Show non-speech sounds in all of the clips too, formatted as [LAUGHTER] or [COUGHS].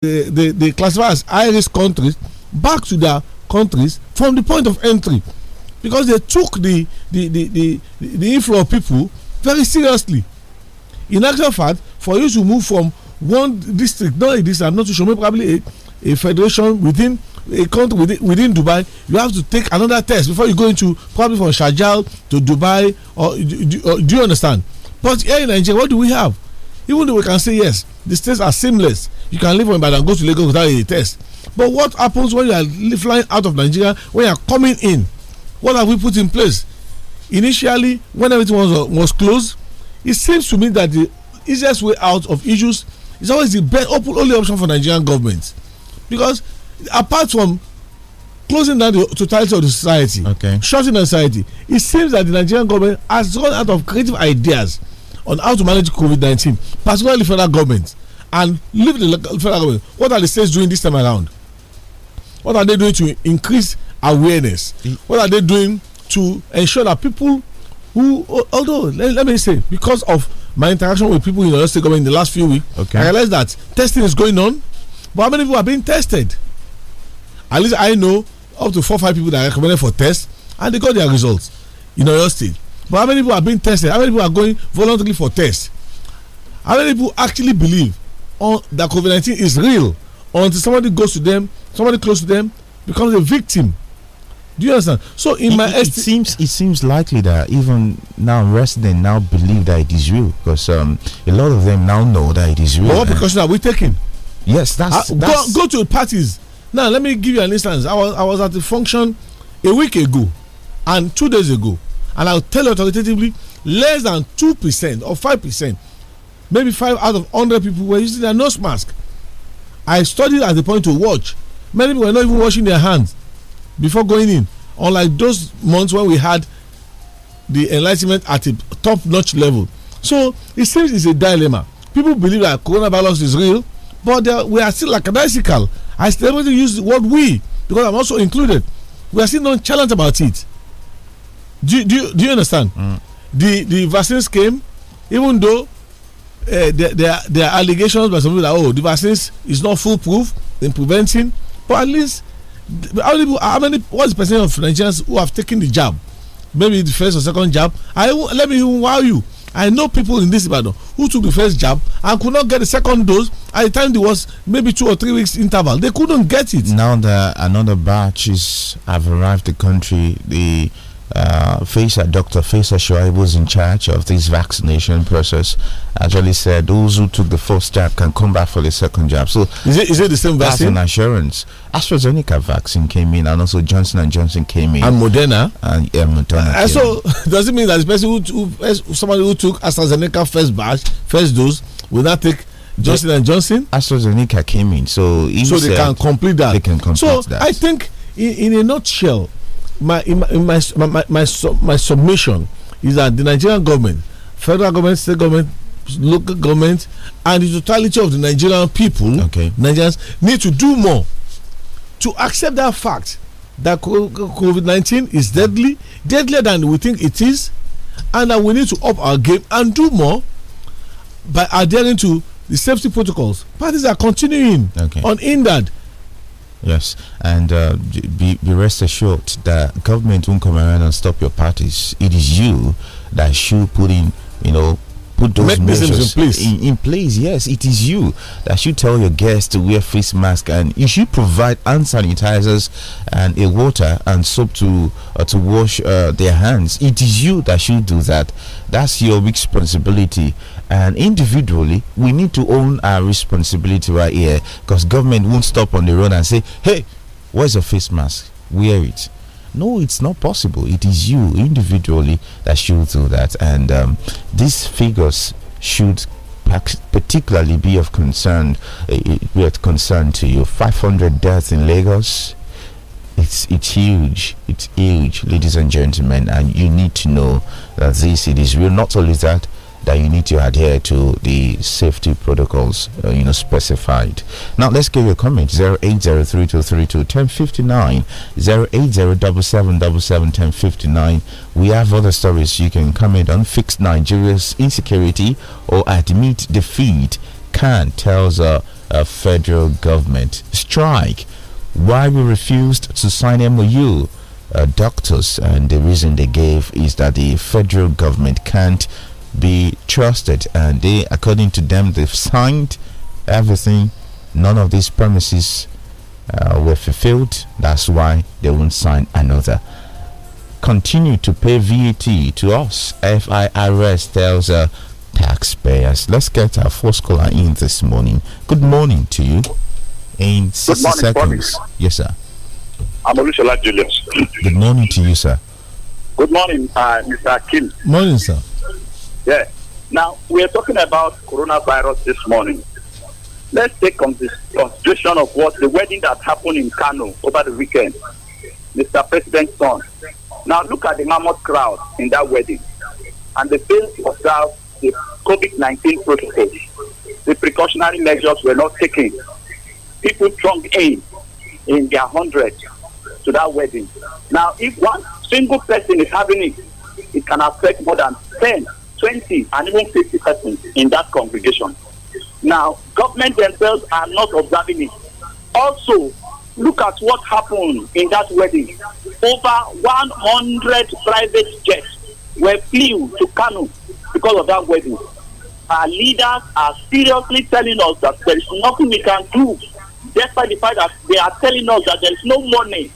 they, they, classify as high risk countries back to their countries from the point of entry because they took the the the the, the inflow of people very seriously in actual fact for you to move from one district not like this i'm not too sure maybe probably a a federation within a country within, within dubai you have to take another test before you go into probably from sharjah to dubai or do, do you understand but here in nigeria what do we have even though we can say yes the states are seamless you can leave from ibadan go to lagos without any test but what happens when you are flying out of nigeria when you are coming in what have we put in place initially when everything was, uh, was closed it seems to me that the easiest way out of issues is always the best open only option for nigerian government because apart from closing down the totality of the society okay shutting down society it seems that the nigerian government has run out of creative ideas on how to manage COVID 19, particularly federal government, and leave the federal government. What are the states doing this time around? What are they doing to increase awareness? Mm. What are they doing to ensure that people who, oh, although, let, let me say, because of my interaction with people in the state government in the last few weeks, okay. I realized that testing is going on, but how many people are being tested? At least I know up to four five people that are recommended for tests, and they got their results in Oyo State but how many people are being tested? How many people are going voluntarily for tests? How many people actually believe on, that COVID 19 is real until somebody goes to them, somebody close to them becomes a victim? Do you understand? So in it, my it, it seems it seems likely that even now residents now believe that it is real because um, a lot of them now know that it is real. But what precaution are we taking? Yes, that's, uh, that's go, go to parties. Now let me give you an instance. I was I was at a function a week ago and two days ago and I'll tell you authoritatively less than 2% or 5%, maybe 5 out of 100 people were using their nose mask. I studied at the point to watch. Many people were not even washing their hands before going in, unlike those months when we had the enlightenment at a top notch level. So it seems it's a dilemma. People believe that coronavirus is real, but we are still like a bicycle. I still want to use the word we because I'm also included. We are still non challenged about it. Do, do, do you understand? Mm. The, the vaccines came, even though uh, there, there, are, there are allegations by some people that, oh, the vaccines is not foolproof in preventing, but at least how many, how many what's the percentage of Nigerians who have taken the jab maybe the first or second jab I let me wow you I know people in this battle who took the first jab and could not get the second dose at the time there was maybe two or three weeks interval they couldn't get it now that another batches have arrived the country the uh, Faisa, Dr. Faisa Shoaib was in charge of this vaccination process, actually said those who took the first jab can come back for the second jab. So is it, is it the same vaccine? That's an assurance. AstraZeneca vaccine came in, and also Johnson and Johnson came in, and Moderna, and yeah, Moderna. so [LAUGHS] does it mean that the person who, who somebody who took AstraZeneca first batch, first dose, will not take Johnson and Johnson? AstraZeneca came in, so so they can complete that. They can complete so that. I think, in, in a nutshell my, in my, my, my, my, my submission is that the Nigerian government, federal government, state government, local government, and the totality of the Nigerian people, okay. Nigerians, need to do more to accept that fact that COVID 19 is deadly, deadlier than we think it is, and that we need to up our game and do more by adhering to the safety protocols. Parties are continuing okay. that. Yes, and uh, be, be rest assured that government won't come around and stop your parties. It is you that should put in, you know, put those measures in place. In, in, place, yes, it is you that should tell your guests to wear face mask, and you should provide hand sanitizers and a water and soap to uh, to wash uh, their hands. It is you that should do that. That's your responsibility and individually we need to own our responsibility right here because government won't stop on the road and say hey where's your face mask wear it no it's not possible it is you individually that should do that and um, these figures should particularly be of concern eh, eh, be of concern to you 500 deaths in lagos it's it's huge it's huge ladies and gentlemen and you need to know that this it is real not only that that you need to adhere to the safety protocols uh, you know specified. Now let's give you a comment 08032321059 08077771059. We have other stories you can comment on. Fix Nigeria's insecurity or admit defeat. Khan tells a, a federal government strike. Why we refused to sign MOU. Uh, doctors, and the reason they gave is that the federal government can't be trusted. And they, according to them, they've signed everything. None of these promises uh, were fulfilled. That's why they won't sign another. Continue to pay VAT to us. FIRS tells uh, taxpayers. Let's get our first caller in this morning. Good morning to you. In 60 morning, seconds. Yes, sir. I'm Olushola Julius. Good morning to you, sir. Good morning, uh, Mr. Kim. Morning, sir. Yeah. Now, we are talking about coronavirus this morning. Let's take consideration of what the wedding that happened in Kano over the weekend, Mr. President's son. Now, look at the mammoth crowd in that wedding and the failed to observe the COVID 19 protocols. The precautionary measures were not taken. People thronged in in their hundreds to that wedding. Now, if one single person is having it, it can affect more than 10 20 and even 50 persons in that congregation. Now, government themselves are not observing it. Also, look at what happened in that wedding. Over 100 private jets were flew to Kano because of that wedding. Our leaders are seriously telling us that there is nothing we can do, despite the fact that they are telling us that there is no money,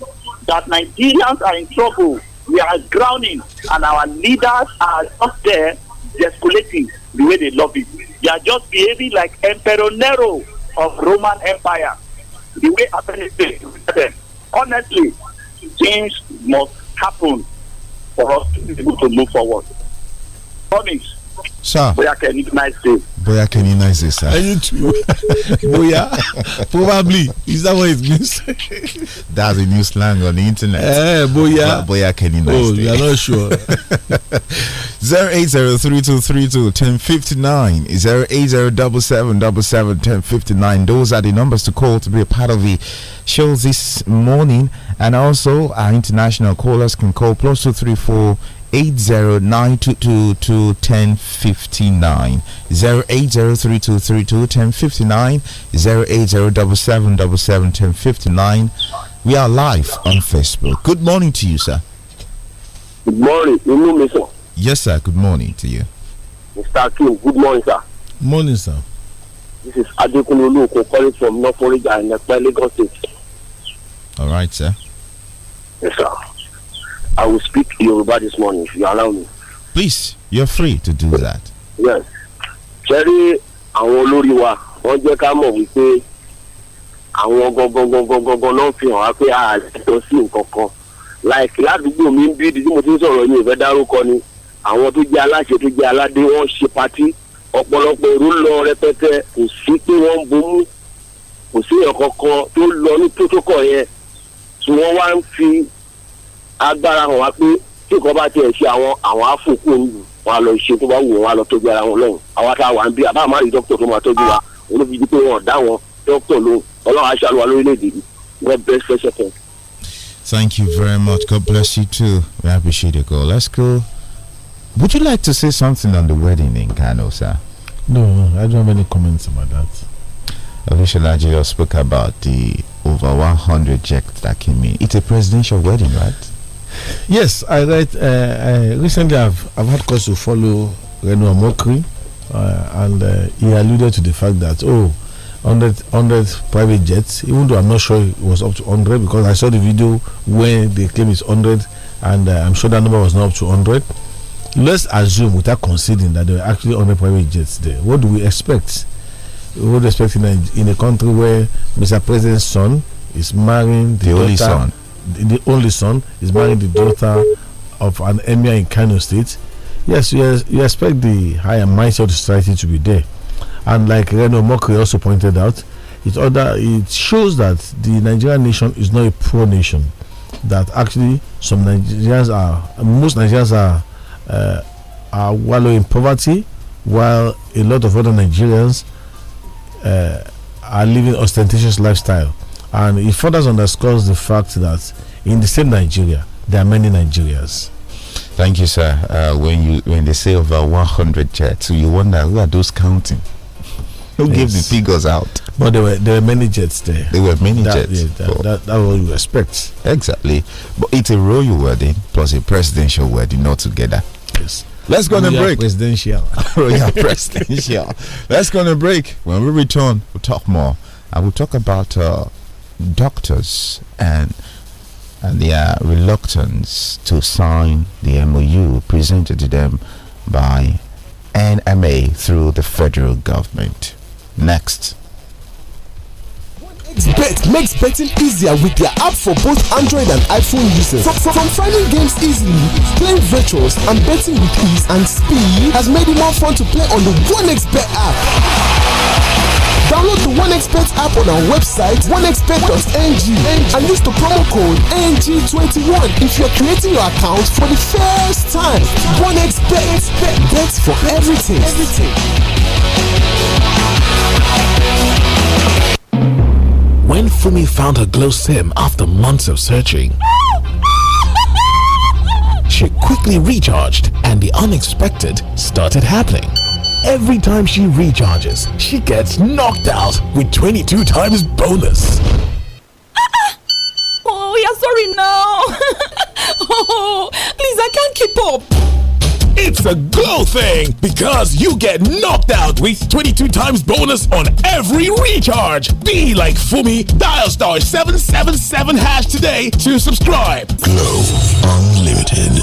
that Nigerians are in trouble, we are drowning, and our leaders are up there Escalating the way they love it. They are just behaving like Emperor Nero of Roman Empire. The way Athens Honestly, things must happen for us to be able to move forward. Promise sá bóyá kẹni nice day. bóyá kẹni nice day sá. ẹyin tu bóyá probably is that what it means. [LAUGHS] that's a new slang on the internet. Eh, ẹ bóyá bóyá kẹni nice oh, day. oh you are not sure. [LAUGHS] zero eight zero three two three two ten fifty nine zero eight zero double seven double seven ten fifty nine those are the numbers to call to be a part of the show this morning and also our international callers can call plus two three four. 08032221059 we are live on facebook good morning to you sir good morning you yes sir good morning to you mr king good morning sir morning sir this is adekunle olukun calling from north florida in lagos state all right sir yes sir I will speak Yoruba this morning if you allow me. Please, you're free to do that. Yes. Ṣẹ́rí àwọn olórí wa, wọ́n jẹ́ ká mọ̀ wípé àwọn gangan náà fi hàn wá pé a lẹ́tọ̀ọ́ sí nǹkan kan. Láìkí ládùúgbò mi ń bí ìdí tí mo ti ń sọ̀rọ̀ yìí ìfẹ́ dárúkọ ni. Àwọn tó jẹ́ aláṣẹ tó jẹ́ aládé wọ́n ṣe patí. Ọ̀pọ̀lọpọ̀ èrò lọ rẹpẹtẹ kò sí pé wọ́n ń bomú. Kò sí èèyàn kankan tó lọ ní protocol yẹn. Tí wọ́n wá ń fi agbára hàn wá pé tí nǹkan bá tiẹ̀ ṣe àwọn àwọn àfòkù òru wọn á lọ ṣe tó bá wa olóbi di awon awon won lo dá wọn lo lóhùn aṣáájú wa n bi dokita to maa toju wa pe won da won dokita lohun olorun lorile ede yii Thank you very much. God bless you too. We appreciate the call. Let's go. Would you like to say something on the wedding in Kano, sir? No, I don't have any comments about that. Official Nigeria spoke about the over 100 jets that came in. It's a presidential wedding, right? Yes, I read. Uh, I uh, recently, I've, I've had cause to follow Renu Mokri, uh, and uh, he alluded to the fact that oh, 100, 100 private jets. Even though I'm not sure it was up to 100 because I saw the video where they claim it's 100, and uh, I'm sure that number was not up to 100. Let's assume, without conceding, that there were actually 100 private jets there. What do we expect? What do We expect in a, in a country where Mr. President's son is marrying the, the only son the only son is marrying the daughter of an emir in Kano State. Yes, you expect the higher mindset of the society to be there. And like Reno Mokri also pointed out, it other it shows that the Nigerian nation is not a pro nation. That actually some Nigerians are most Nigerians are uh, are wallowing in poverty, while a lot of other Nigerians uh, are living ostentatious lifestyle. And it further underscores the fact that in the same Nigeria, there are many Nigerians. Thank you, sir. Uh, when you when they say over 100 jets, you wonder who are those counting? [LAUGHS] Who yes. gave the figures out? But there were there were many jets there. There were many that, jets. Yeah, that, that, that what Exactly. But it's a royal wedding plus a presidential wedding all together. Yes. Let's go on a break. Presidential. [LAUGHS] royal presidential. [LAUGHS] Let's go on a break. When we return, we'll talk more. And we'll talk about uh, doctors and, and their reluctance to sign the MOU presented to them by NMA through the federal government. Next. Bet makes betting easier with their app for both Android and iPhone users. From, from, from, finding games easily, playing virtuals, and betting with ease and speed has made it more fun to play on the 1xBet app. Download the OneXpert app on our website, onexpert.ng, and use the promo code NG21 if you're creating your account for the first time. OneXpert, bets for everything. When Fumi found her glow sim after months of searching, she quickly recharged and the unexpected started happening. Every time she recharges, she gets knocked out with 22 times bonus. [LAUGHS] oh, yeah, sorry now. [LAUGHS] oh, please, I can't keep up. It's a glow thing because you get knocked out with 22 times bonus on every recharge. Be like Fumi, dial star 777 hash today to subscribe. Glow Unlimited.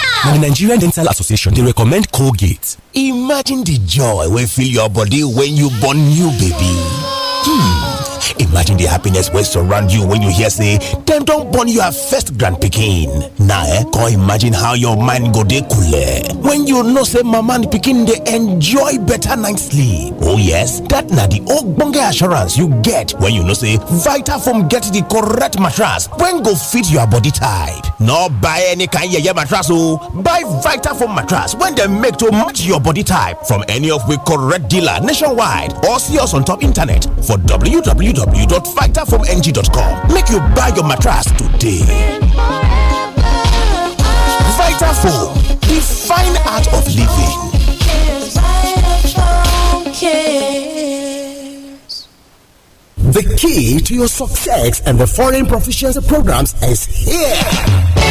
now, the Nigerian Dental Association, they recommend Colgate. Imagine the joy will fill your body when you born new baby. Hmm. Imagine the happiness wey surround you when you hear say dem don born your first grand picking." Now, eh, Go imagine how your mind go dey coole when you know say mama and pikin they enjoy better night sleep. Oh yes, that na the bunge assurance you get when you know say Vitafoam get the correct mattress when go fit your body type. No buy any kind of yeye mattress oh? buy Vitafoam mattress when they make to match your body type from any of we correct dealer nationwide or see us on top internet for www www.vitafoamng.com. Make you buy your mattress today. Vitafoam, the fine art of living. The key to your success and the foreign proficiency programs is here.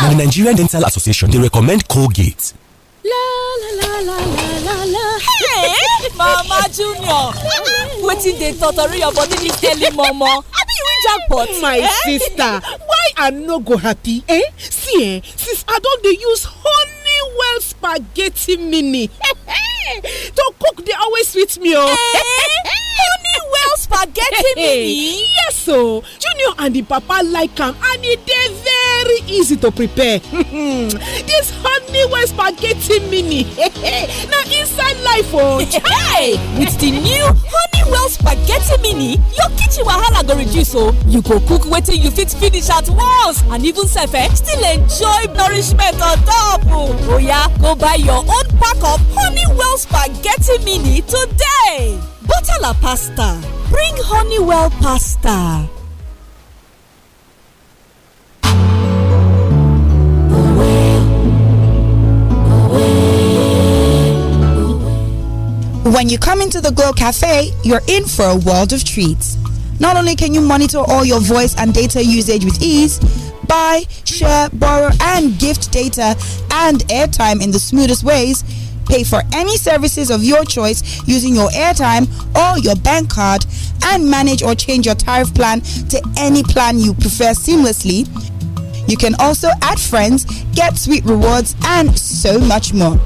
Now, the Nigerian Dental Association, they recommend Colgate. La, la, la, hey, mama junior wetin dey totori your body dis early momo abi you win jackpot. Oh my eh? sister why i no go happy eh see eh since i don't dey use honeywell spaghetti mini. [LAUGHS] to cook dey always sweet me o. Oh. Honey eh? [LAUGHS] well spaghetti mini. [LAUGHS] yes so oh. junior and the papa like am and e dey very easy to prepare. [LAUGHS] this honey well spaghetti mini na inside life o. Oh, with the new honey well spaghetti mini your kitchen wahala go reduce o. you go cook wetin you fit finish at once and even sef eh, still enjoy nourishment on top o. oya go buy your own pack of honey well spaghetti mini today. Butter pasta. Bring Honeywell pasta. When you come into the Glow Cafe, you're in for a world of treats. Not only can you monitor all your voice and data usage with ease, buy, share, borrow, and gift data and airtime in the smoothest ways pay for any services of your choice using your airtime or your bank card and manage or change your tariff plan to any plan you prefer seamlessly. You can also add friends, get sweet rewards, and so much more.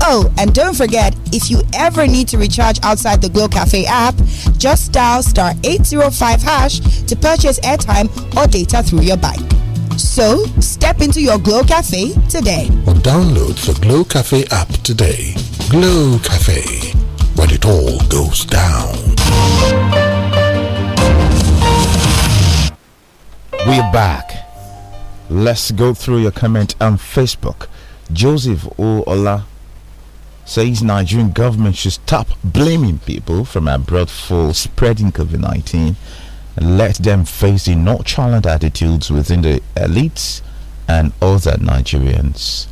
Oh, and don't forget, if you ever need to recharge outside the Glow Cafe app, just dial star 805 hash to purchase airtime or data through your bike. So, step into your Glow Cafe today. Or download the Glow Cafe app today. Glow Cafe, when it all goes down. We're back. Let's go through your comment on Facebook. Joseph Oola says Nigerian government should stop blaming people from abroad for spreading COVID 19 let them face the nonchalant attitudes within the elites and other Nigerians.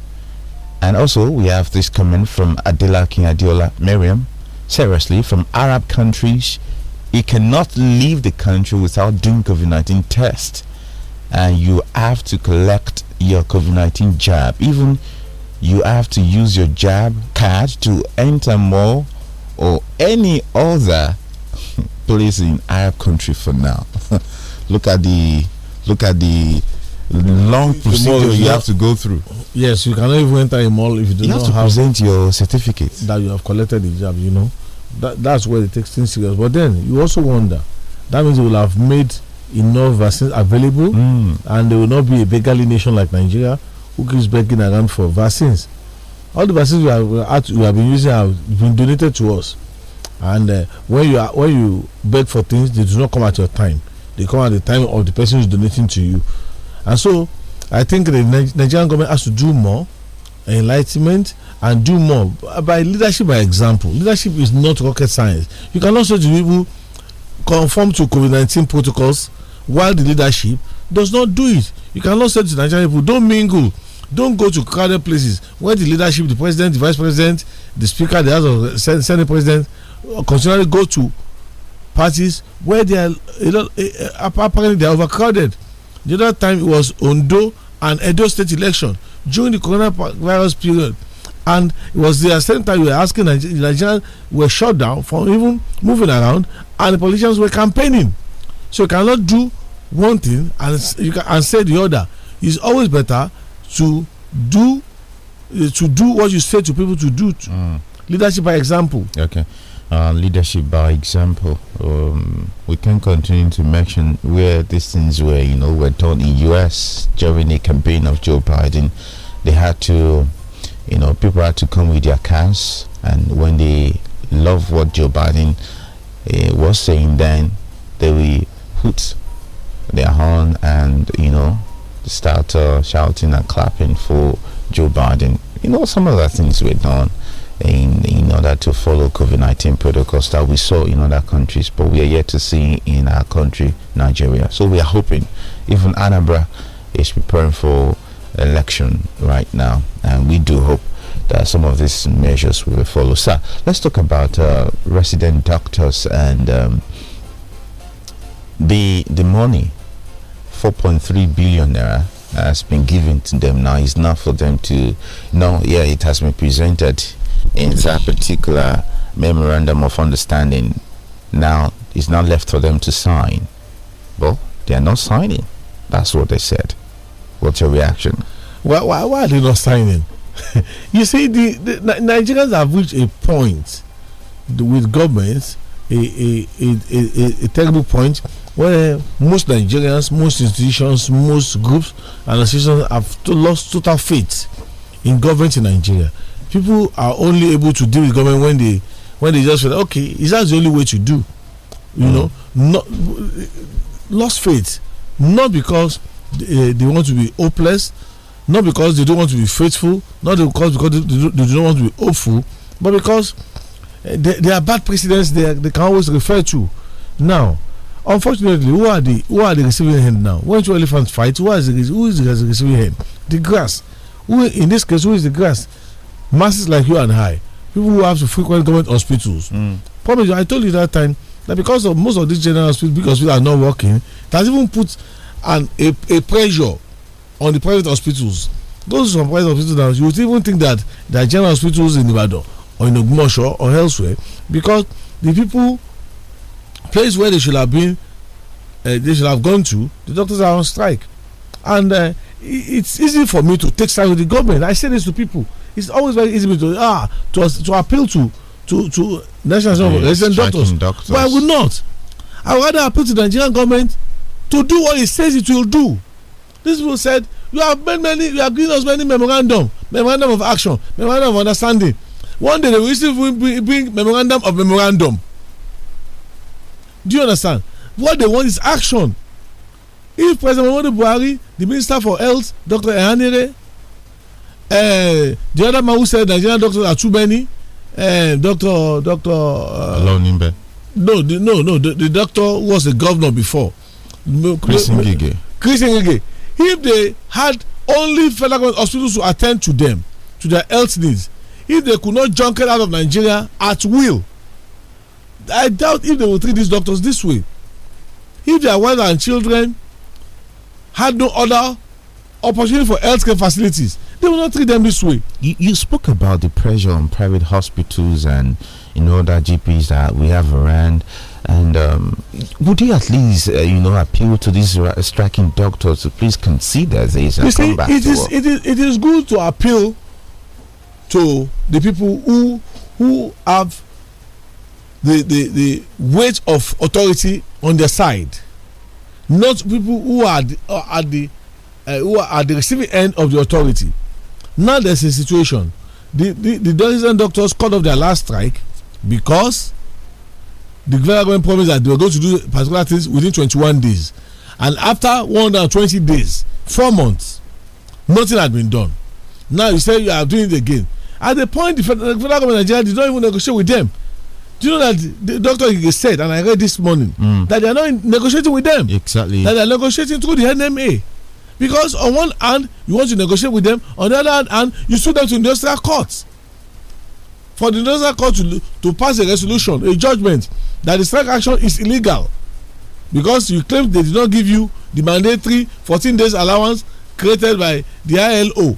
And also, we have this comment from Adela Adiola Miriam. Seriously, from Arab countries, you cannot leave the country without doing COVID 19 test. And you have to collect your COVID 19 jab. Even you have to use your jab card to enter more or any other place in Arab country for now. [LAUGHS] look at the look at the long procedure you have to go through. Yes, you cannot even enter a mall if you do you not have to have present your certificate that you have collected the job. You know, that that's where it takes things serious. But then you also wonder. That means you will have made enough vaccines available, mm. and there will not be a beggarly nation like Nigeria who keeps begging around for vaccines. All the vaccines we have, we have been using have been donated to us and uh, when you are, when you beg for things they do not come at your time they come at the time of the person who's donating to you and so i think the nigerian government has to do more enlightenment and do more by leadership by example leadership is not rocket science you can also do people conform to covid-19 protocols while the leadership does not do it you cannot say to nigerian people don't mingle don't go to crowded places where the leadership the president the vice president the speaker the house of senate president continually go to parties where they are eh, eh, a lot, apparently they are overcrowded. The other time it was Ondo and Edo state election during the coronavirus period. And it was the same time we were asking Nigerians were shut down from even moving around and the politicians were campaigning. So you cannot do one thing and you can and say the other. It's always better to do eh, to do what you say to people to do. To. Mm. Leadership by example. Okay uh, leadership by example. Um, we can continue to mention where these things were, you know, were done in U.S. during the campaign of Joe Biden. They had to, you know, people had to come with their cars, and when they love what Joe Biden uh, was saying, then they will hoot their horn and, you know, start uh, shouting and clapping for Joe Biden. You know, some of the things were done in in order to follow COVID-19 protocols that we saw in other countries, but we are yet to see in our country, Nigeria. So we are hoping, even Anambra is preparing for election right now, and we do hope that some of these measures will follow. So let's talk about uh, resident doctors and um, the the money, 4.3 billion naira has been given to them now. It's not for them to, no, yeah, it has been presented in that particular memorandum of understanding now it's not left for them to sign. Well, they are not signing. That's what they said. What's your reaction? why, why are they not signing? [LAUGHS] you see, the, the, Nigerians have reached a point with governments, a, a, a, a, terrible point, where most Nigerians, most institutions, most groups and associations have lost total faith in government in Nigeria people are only able to deal with government when they when they just feel okay is that the only way to do you mm. know not lost faith not because they, eh, they, want to be hopeless not because they don't want to be faithful not because because they, don't, they don't want to be hopeful but because eh, there, are bad precedents they, they can always refer to now unfortunately who are the who are the receiving hand now when two elephants fight who is the, who is the receiving hand the grass who in this case who is the grass masses like you and I, people who have to frequent government hospitals. Mm. I told you that time that because of most of these general hospitals, because hospitals are not working, that even put an, a, a pressure on the private hospitals. Those from private hospitals now, you would even think that there are general hospitals in Ibadan or in Ogmosho or elsewhere because the people, place where they should have been, uh, they should have gone to, the doctors are on strike. And uh, it's easy for me to take side with the government. I say this to people it's always very easy to ah to to appeal to to to national yes, doctors. doctors. But I would not. I would rather appeal to the Nigerian government to do what it says it will do. This people said you have made many you have given us many memorandum memorandum of action memorandum of understanding. One day they will still bring, memorandum of memorandum. Do you understand? What they want is action. If President Muhammadu Buhari, the Minister for Health, Dr. Ehanire, uh, the other man who said Nigerian doctor Achubeni, uh, eh, Doctor Doctor. Uh, Alonimbe. No, the, no, no. The, the doctor was the governor before. Chris Ngige. Chris Ngige. If they had only federal hospitals to attend to them, to their health needs, if they could not junket out of Nigeria at will, I doubt if they will treat these doctors this way. If their wives and children had no other opportunity for healthcare facilities. They will not treat them this way. You, you spoke about the pressure on private hospitals and you know that GPs that we have around. And um, would you at least, uh, you know, appeal to these striking doctors to please consider this and see, come back it to is, work? It is, it is good to appeal to the people who who have the, the, the weight of authority on their side, not people who are are uh, at the uh, who are at the receiving end of the authority. Now there's a situation. The, the, the and doctors called off their last strike because the federal government promised that they were going to do particular things within 21 days. And after 120 days, four months, nothing had been done. Now you say you are doing it again. At the point, the federal government of Nigeria did not even negotiate with them. Do you know that the doctor said, and I read this morning, mm. that they are not negotiating with them. Exactly. That they are negotiating through the NMA because on one hand you want to negotiate with them on the other hand you sue them to industrial court for the industrial court to, to pass a resolution a judgment that the strike action is illegal because you claim they did not give you the mandatory fourteen days allowance created by the ilo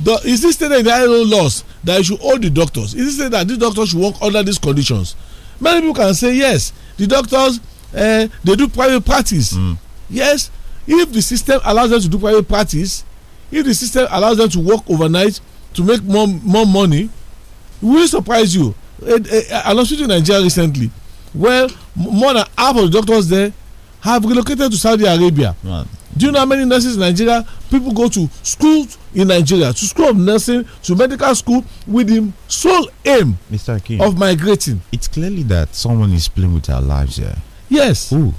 the, is this stated in the ilo laws that you should hold the doctors is it stated that these doctors should work under these conditions many people can say yes the doctors uh, they do private practice mm. yes if the system allows them to do private parties if the system allows them to work overnight to make more more money will surprise you i was in nigeria recently Well, more than half of the doctors there have relocated to saudi arabia do you know how many nurses in nigeria people go to school in nigeria to school of nursing to medical school with the sole aim mr Akin, of migrating it's clearly that someone is playing with our lives here yes Who?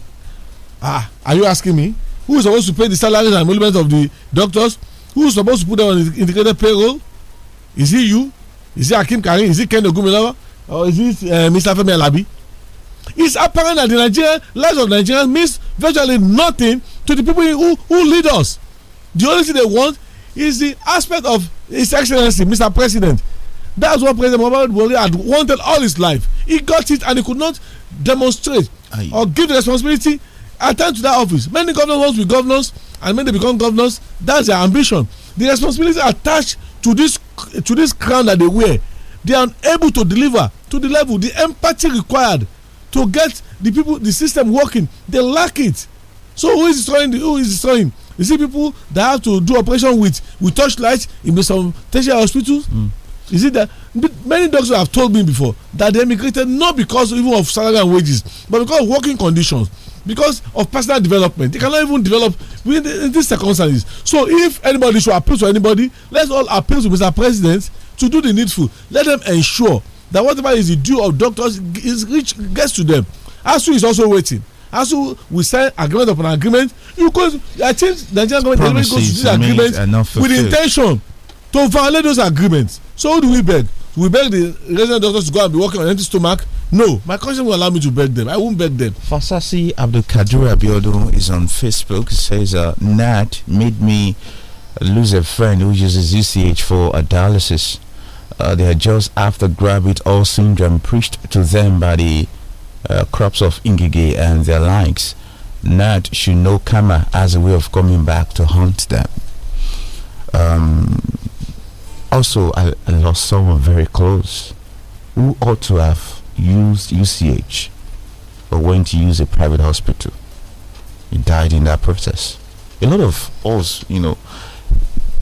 ah are you asking me who is supposed to pay the salaries and emoluments of the doctors who is supposed to put them on the integrated payroll is it you is it akim karim is it ken ogunmilawa or is it uh, eh, mr femi alabi it's apparent that the nigerian lives of nigerians means virtually nothing to the people who who lead us the only thing they want is the aspect of his excellency mr president that's what president muhammadu buhari had wanted all his life he got it and he could not demonstrate Aye. or give the responsibility attend to that office many governors want to be governors and when they become governors that's their ambition the responsibility attached to this to this crown that they wear they are unable to deliver to the level the empathy required to get the people the system working they lack it so who is destroying the, who is destroying you see people that have to do operation with with torchlight in some tertiary hospitals mm. you see that many doctors have told me before that they emigrated not because even of salary and wages but because of working conditions because of personal development they cannot even develop within these circumstances so if anybody should appeal to anybody let's all appeal to mr president to do the needful let them ensure that whatever is the due of doctors is reach gets to them asu is also waiting asu we sign agreement upon agreement you go i think nigerian government delivery goes to this agreement with intention to violate those agreements so do we beg we beg the resident doctors to go and be working on empty stomach. No, my conscience will allow me to beg them. I won't beg them. Fasasi Abdul Kadir Abiodun is on Facebook. He says, uh, Nat made me lose a friend who uses ZCH for a dialysis. Uh, they are just after grabbing all syndrome preached to them by the uh, crops of Ingige and their likes. Nat should know Kama as a way of coming back to haunt them. Um, also, I, I lost someone very close who ought to have used UCH but went to use a private hospital. He died in that process. A lot of us, you know,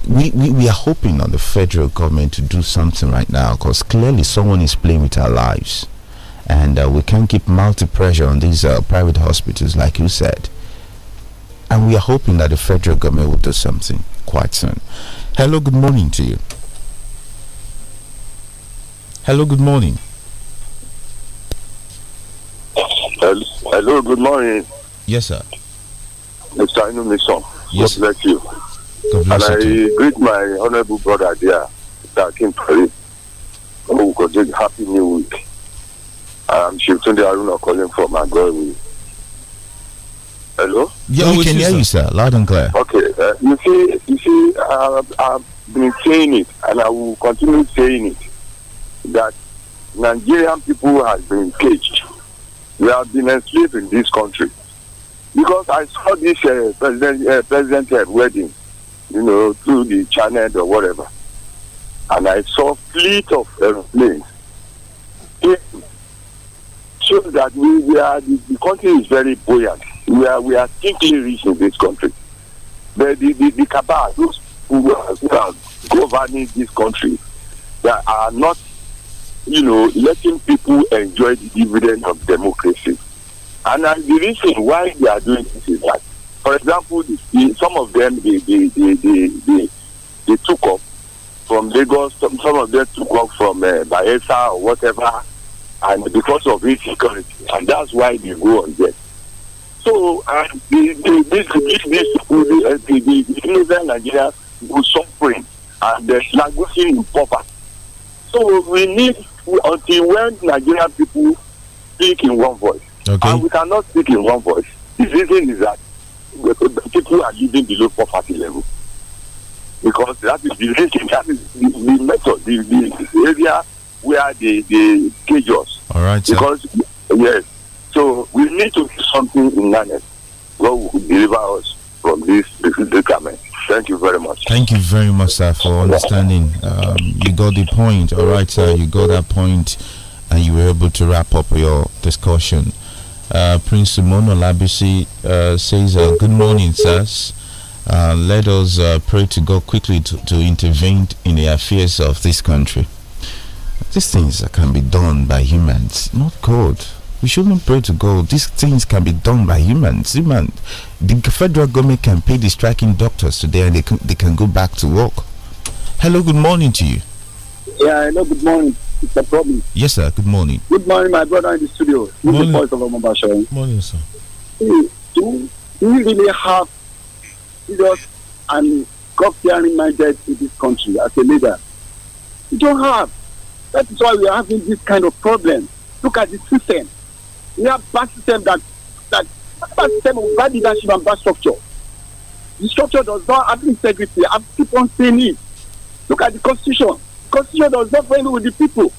we, we, we are hoping on the federal government to do something right now because clearly someone is playing with our lives. And uh, we can't keep multi pressure on these uh, private hospitals, like you said. And we are hoping that the federal government will do something quite soon. Hello, good morning to you. Hello, good morning. Hello, good morning. Yes, sir. Mr. Inumison. Yes. God bless you. God bless and you. I greet my honorable brother there, Mr. Akin Oh, who happy new week. I'm the Aruna calling from girl. Hello? Yeah, we, we can hear you, sir, loud and clear. Okay. Uh, you see, you see uh, I've been saying it, and I will continue saying it that Nigerian people has been caged. We have been enslaved in this country. Because I saw this uh, president, uh, president uh, wedding, you know, through the channel or whatever. And I saw fleet of airplanes. It so that we, we are, the, the, country is very buoyant. We are, we are thinking rich in this country. The, the, the, the cabal, those who are, who are governing this country, that are not you know, letting people enjoy the dividend of democracy. And uh, the reason why they are doing this is that, for example, the, the, some of them, they, they, they, they, they, they took off from Lagos, some, some of them took off from uh, Baeza or whatever, and because of insecurity, and that's why they go on there. So, uh, they, they, this, this, the, the, the, the innocent suffering and they're languishing in poverty. So, we need until when Nigerian people speak in one voice. Okay. And we cannot speak in one voice. The reason is that people are living below poverty level. Because that is the reason, that is the, the method, the, the, area where they, they cage us. All right. Sir. Because, yes. So we need to do something in earnest. God will deliver us from this predicament. Thank you very much. Thank you very much, sir, for understanding. Um, you got the point. All right, sir, you got that point, and you were able to wrap up your discussion. Uh, Prince Simon Labisi uh, says, uh, Good morning, sirs. Uh, let us uh, pray to God quickly to, to intervene in the affairs of this country. These things can be done by humans, not God. We shouldn't pray to God. These things can be done by humans. Human. The federal government can pay the striking doctors today and they can, they can go back to work. Hello, good morning to you. Yeah, hello, good morning. It's a problem. Yes, sir, good morning. Good morning, my brother in the studio. Good morning. Good morning, sir. Do we really have serious and God-fearing minded in this country as a leader? We don't have. That is why we are having this kind of problem. Look at the system we have bad system that that bad system of bad leadership and bad structure. The structure does not have integrity. I keep on saying it. Look at the constitution. The constitution does not friendly with the people.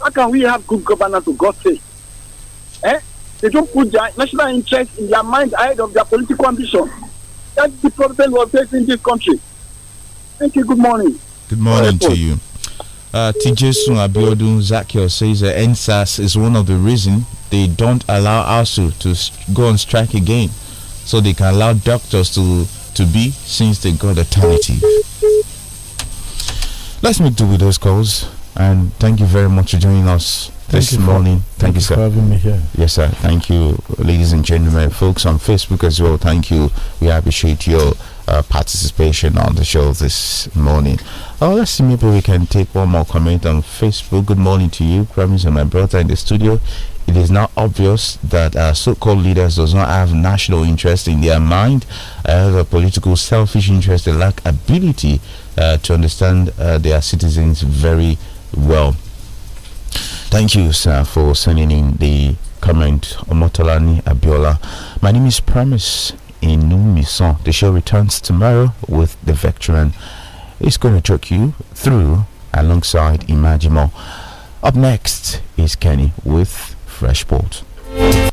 How can we have good governance for God's sake? Eh? They don't put their national interest in their mind ahead of their political ambition. That's the problem we're facing in this country. Thank you. Good morning. Good morning to you. Uh, Tijesun Abiodun Zakio says that NSAS is one of the reasons they don't allow ASU to go on strike again, so they can allow doctors to to be since they got alternative. Let's make do with those calls, and thank you very much for joining us thank this morning. For, thank, thank, you, sir. for having me here. Yes, sir. Thank you, ladies and gentlemen, folks on Facebook as well. Thank you. We appreciate your uh, participation on the show this morning. Oh, let's see, maybe we can take one more comment on Facebook. Good morning to you, Grammys and my brother in the studio. It is now obvious that our so-called leaders does not have national interest in their mind. I have a political selfish interest. They lack ability uh, to understand uh, their citizens very well. Thank you, sir, for sending in the comment. Omotolani Abiola. My name is Promise. Inumison. The show returns tomorrow with the veteran. It's going to take you through alongside Imajimo. Up next is Kenny with Fresh Port.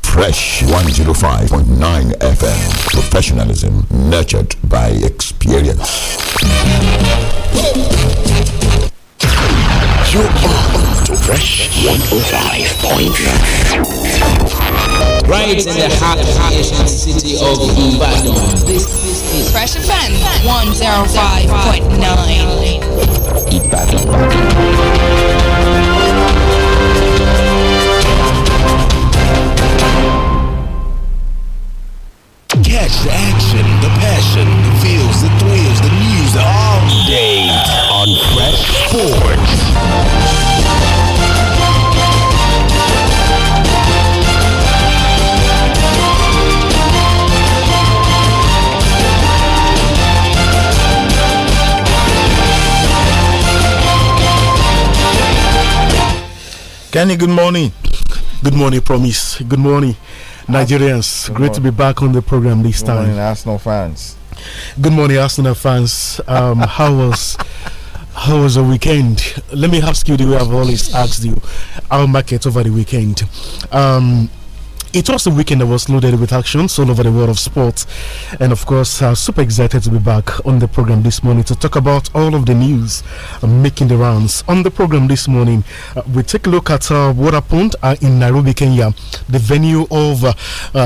Fresh 105.9 FM. Professionalism nurtured by experience. You are on to Fresh 105.9 right in the hot Asian city of Ibadan. This is Fresh Offense 105.9 Ibadan. Kenny, good morning. Good morning, Promise. Good morning, Nigerians. Good Great morning. to be back on the program this good time. Good morning, Arsenal fans. Good morning, Arsenal fans. Um, [LAUGHS] how was how was the weekend? Let me ask you the way I've always asked you. Our market over the weekend. Um, it was a weekend that was loaded with actions all over the world of sports. And of course, I'm uh, super excited to be back on the program this morning to talk about all of the news uh, making the rounds. On the program this morning, uh, we take a look at uh, what happened uh, in Nairobi, Kenya, the venue of uh,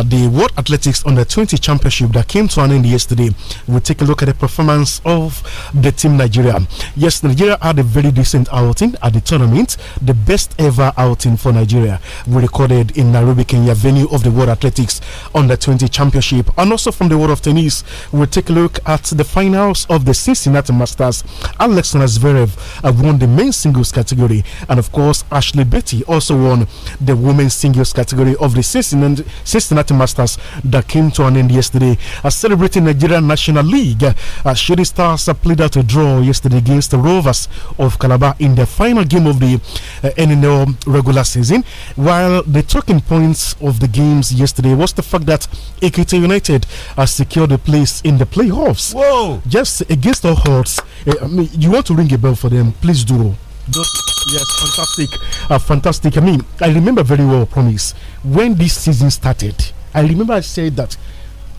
the World Athletics Under 20 Championship that came to an end yesterday. We take a look at the performance of the team Nigeria. Yes, Nigeria had a very decent outing at the tournament, the best ever outing for Nigeria. We recorded in Nairobi, Kenya venue venue of the World Athletics Under 20 Championship. And also from the world of tennis, we'll take a look at the finals of the Cincinnati Masters. Alexander Zverev uh, won the men's singles category, and of course, Ashley Betty also won the women's singles category of the Cincinnati, Cincinnati Masters that came to an end yesterday. A uh, celebrating Nigerian National League, uh, Shooting Stars uh, played out a draw yesterday against the Rovers of Calabar in the final game of the uh, NNL regular season, while the talking points of the games yesterday was the fact that Ekiti United has secured a place in the playoffs. Whoa! Yes, against the odds. Eh, I mean, you want to ring a bell for them? Please do. Just, yes, fantastic, uh, fantastic. I mean, I remember very well, promise, when this season started. I remember I said that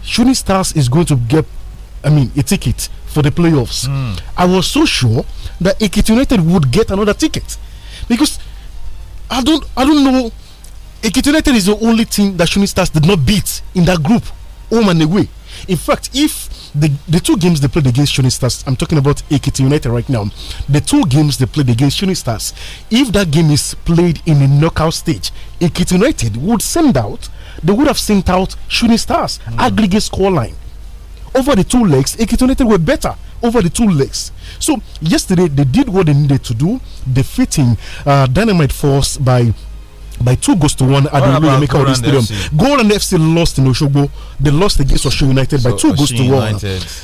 Shooting Stars is going to get, I mean, a ticket for the playoffs. Mm. I was so sure that Ekiti United would get another ticket because I don't, I don't know Ekiti United is the only team that Shooting Stars did not beat in that group, home and away. In fact, if the the two games they played against Shooting Stars, I'm talking about Ekiti United right now, the two games they played against Shooting Stars, if that game is played in a knockout stage, Ekiti United would send out, they would have sent out Shooting Stars mm. aggregate scoreline. Over the two legs, Ekiti United were better over the two legs. So yesterday they did what they needed to do, defeating uh, Dynamite Force by by two goals to one at what the out this Stadium. Golden FC lost in Oshogbo. They lost against Osun United so by two goals to one.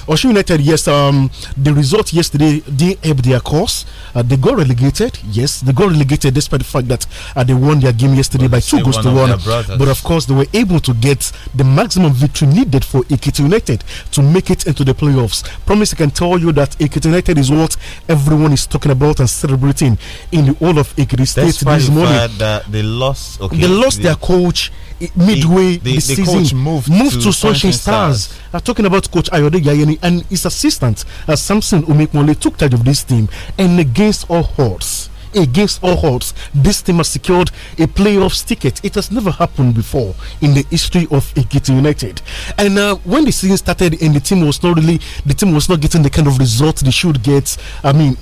Osun United, yes, um, the result yesterday they help their cause. Uh, they got relegated. Yes, they got relegated despite the fact that uh, they won their game yesterday well, by two goals to one. But of course, they were able to get the maximum victory needed for Ekiti United to make it into the playoffs. Promise I can tell you that Ekiti United is what everyone is talking about and celebrating in the whole of Ekiti State this morning. That they lost lost. Okay. They lost the, their coach midway the, the, the, the season. moved, moved to, to Sunshine Stars. Stars. I'm uh, talking about Coach Ayode Yayeni and his assistant uh, Samson Umekwole took charge of this team, and against all odds against all odds, this team has secured a playoffs ticket. It has never happened before in the history of Ekiti United. And uh, when the season started, and the team was not really, the team was not getting the kind of results they should get. I mean,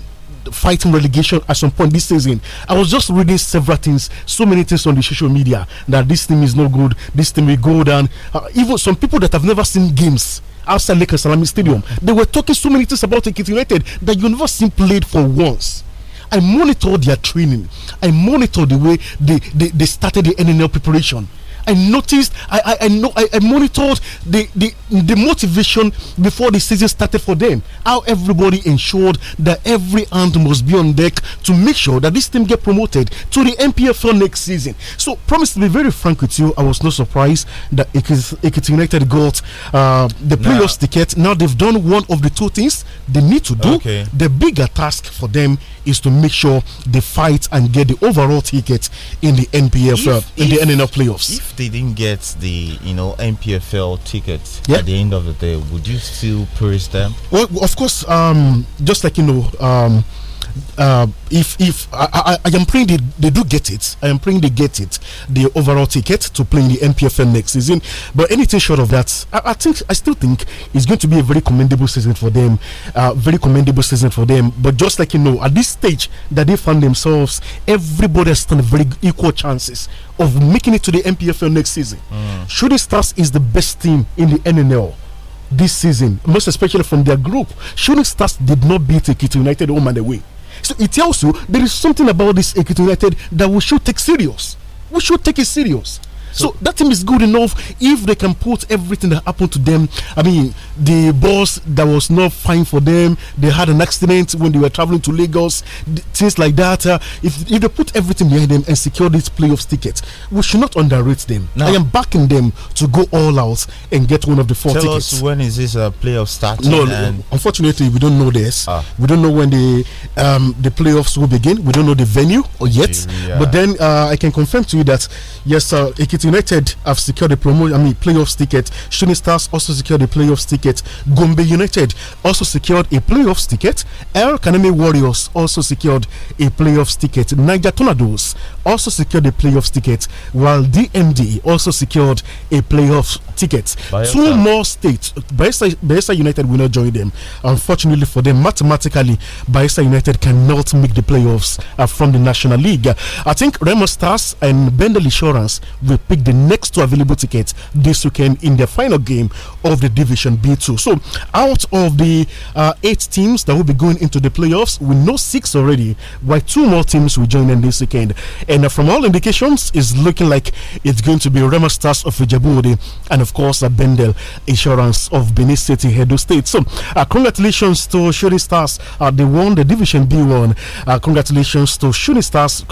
fighting relegation at some point this season. I was just reading several things, so many things on the social media that this team is not good, this team will go down. Uh, even some people that have never seen games outside Lakers Salami Stadium, they were talking so many things about Ekiti United that you never seen played for once. I monitor their training. I monitor the way they, they, they started the NNL preparation. I noticed, I, I, I know, I, I, monitored the, the the motivation before the season started for them. How everybody ensured that every hand must be on deck to make sure that this team get promoted to the MPFL next season. So, promise to be very frank with you, I was not surprised that Ekiti United got uh, the playoffs nah. ticket. Now they've done one of the two things they need to do. Okay. The bigger task for them is to make sure they fight and get the overall ticket in the NPFL if, uh, in if, the NNL playoffs if they didn't get the you know MPFL tickets yeah. at the end of the day, would you still praise them? Well, of course, um, just like you know, um, uh, if if I, I, I, am praying they, they do get it, I am praying they get it, the overall ticket to playing the MPFL next season. But anything short of that, I, I think I still think it's going to be a very commendable season for them, uh, very commendable season for them. But just like you know, at this stage that they found themselves, everybody has done very equal chances of making it to the MPFL next season. Mm. Shooting Stars is the best team in the NNL this season, most especially from their group. Shooting Stars did not beat Ekiti United home and away. So it tells you there is something about this Ekiti United that we should take serious. We should take it serious. So that team is good enough if they can put everything that happened to them. I mean, the boss that was not fine for them, they had an accident when they were traveling to Lagos, things like that. Uh, if, if they put everything behind them and secure this playoffs ticket, we should not underrate them. No. I am backing them to go all out and get one of the four Tell tickets. Us when is this uh, playoff starting? No, unfortunately, we don't know this. Ah. We don't know when the um, the playoffs will begin. We don't know the venue or oh, yet. Yeah. But then uh, I can confirm to you that yes, uh, United have secured a promotion, I mean, playoffs ticket. Shooting Stars also secured a playoffs ticket. Gombe United also secured a playoffs ticket. El Kaneme Warriors also secured a playoffs ticket. Niger Tornadoes also secured a playoffs ticket, while DMD also secured a playoff ticket. Two more states. Bayelsa, Bayelsa United will not join them. Unfortunately for them, mathematically, Bayelsa United cannot make the playoffs uh, from the National League. I think Remo Stars and Bendel Insurance will pay pick the next two available tickets this weekend in the final game of the Division B2. So, out of the uh, eight teams that will be going into the playoffs, we know six already, while two more teams will join them this weekend. And uh, from all indications, it's looking like it's going to be Rema Stars of Djibouti and, of course, uh, Bendel Insurance of Benin City, Hedo State. So, uh, congratulations to Shuri Stars. Uh, they won the Division B1. Uh, congratulations to Shuri Stars.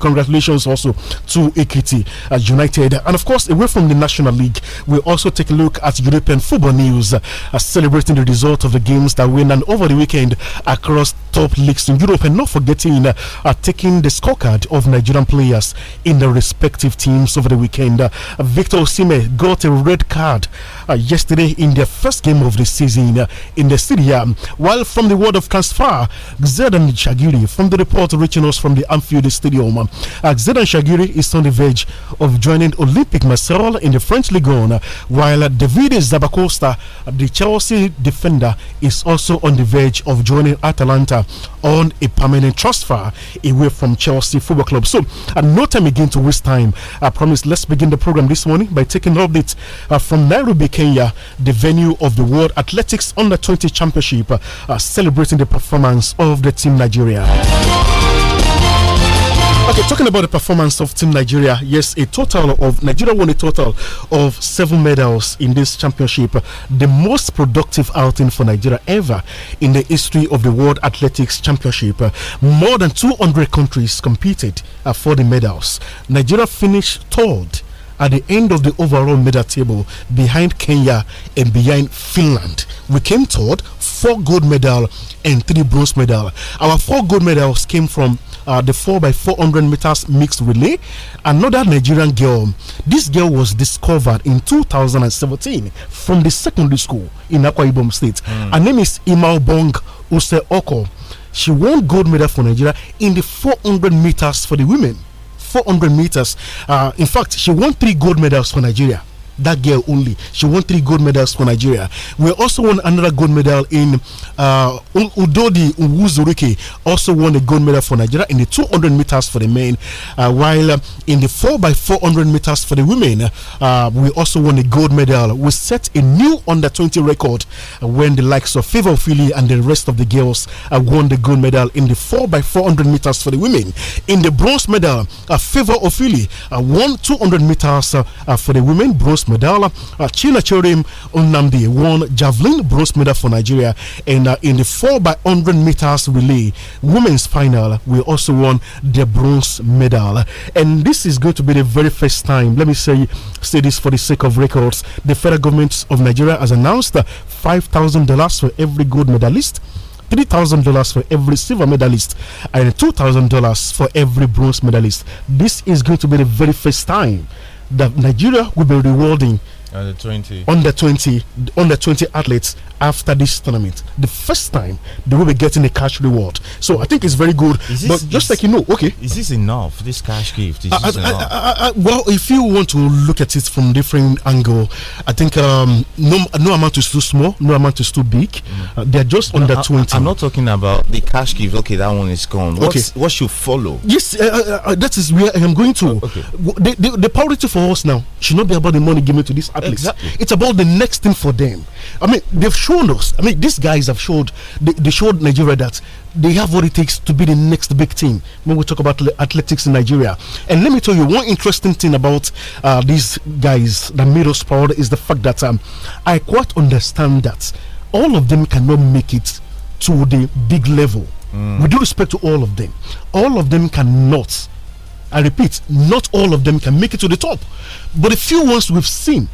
congratulations also to Ekiti uh, United. United. And of course, away from the National League, we also take a look at European football news, uh, celebrating the result of the games that win. and over the weekend across top leagues in Europe, and not forgetting uh, uh, taking the scorecard of Nigerian players in their respective teams over the weekend. Uh, Victor Osime got a red card uh, yesterday in their first game of the season uh, in the Serie While from the world of transfer, Zedan Shagiri, from the report reaching us from the Anfield Stadium, uh, Zedan Shagiri is on the verge of joining joining Olympic Marcel in the French Ligue while Davide Zabacosta, the Chelsea defender, is also on the verge of joining Atalanta on a permanent transfer away from Chelsea Football Club. So, uh, no time again to waste time. I promise let's begin the program this morning by taking updates uh, from Nairobi, Kenya, the venue of the World Athletics Under 20 Championship, uh, celebrating the performance of the team Nigeria. Okay, talking about the performance of Team Nigeria, yes, a total of Nigeria won a total of seven medals in this championship, the most productive outing for Nigeria ever in the history of the World Athletics Championship. More than 200 countries competed uh, for the medals. Nigeria finished third at the end of the overall medal table behind Kenya and behind Finland. We came third, four gold medal and three bronze medal. Our four gold medals came from uh, the 4 by 400 meters mixed relay. Another Nigerian girl. This girl was discovered in 2017 from the secondary school in Akwa Ibom State. Mm. Her name is Imao Bong Use Oko. She won gold medal for Nigeria in the 400 meters for the women. 400 meters. Uh, in fact, she won three gold medals for Nigeria that girl only. She won three gold medals for Nigeria. We also won another gold medal in uh, Udodi also won a gold medal for Nigeria in the 200 meters for the men, uh, while uh, in the 4 by 400 meters for the women, uh, we also won a gold medal. We set a new under 20 record when the likes of Favor Philly and the rest of the girls uh, won the gold medal in the 4 by 400 meters for the women. In the bronze medal, uh, Favor Ophili uh, won 200 meters uh, for the women, bronze bronze medal. Uh, Chinacherim won javelin bronze medal for Nigeria. And uh, in the 4 by 100 meters relay women's final, we also won the bronze medal. And this is going to be the very first time, let me say, say this for the sake of records, the federal government of Nigeria has announced uh, $5,000 for every gold medalist three thousand dollars for every silver medalist and two thousand dollars for every bronze medalist. This is going to be the very first time that Nigeria will be rewarding under 20. Under 20, under 20 athletes after this tournament. The first time they will be getting a cash reward. So I think it's very good. This, but just like you know, okay. Is this enough, this cash gift? I, uh, this I, uh, I, uh, well, if you want to look at it from different angle, I think um, no, no amount is too small, no amount is too big. Mm. Uh, they're just no, under 20. I'm not talking about the cash gift. Okay, that one is gone. What's, okay. What should follow? Yes, uh, uh, that is where I am going to. Oh, okay. The, the, the priority for us now should not be about the money given to this athlete. Exactly. It's about the next thing for them. I mean, they've shown us. I mean, these guys have showed they, they showed Nigeria that they have what it takes to be the next big team when we talk about athletics in Nigeria. And let me tell you one interesting thing about uh, these guys that made us proud is the fact that um, I quite understand that all of them cannot make it to the big level. Mm. With due respect to all of them, all of them cannot. I repeat, not all of them can make it to the top. But a few ones we've seen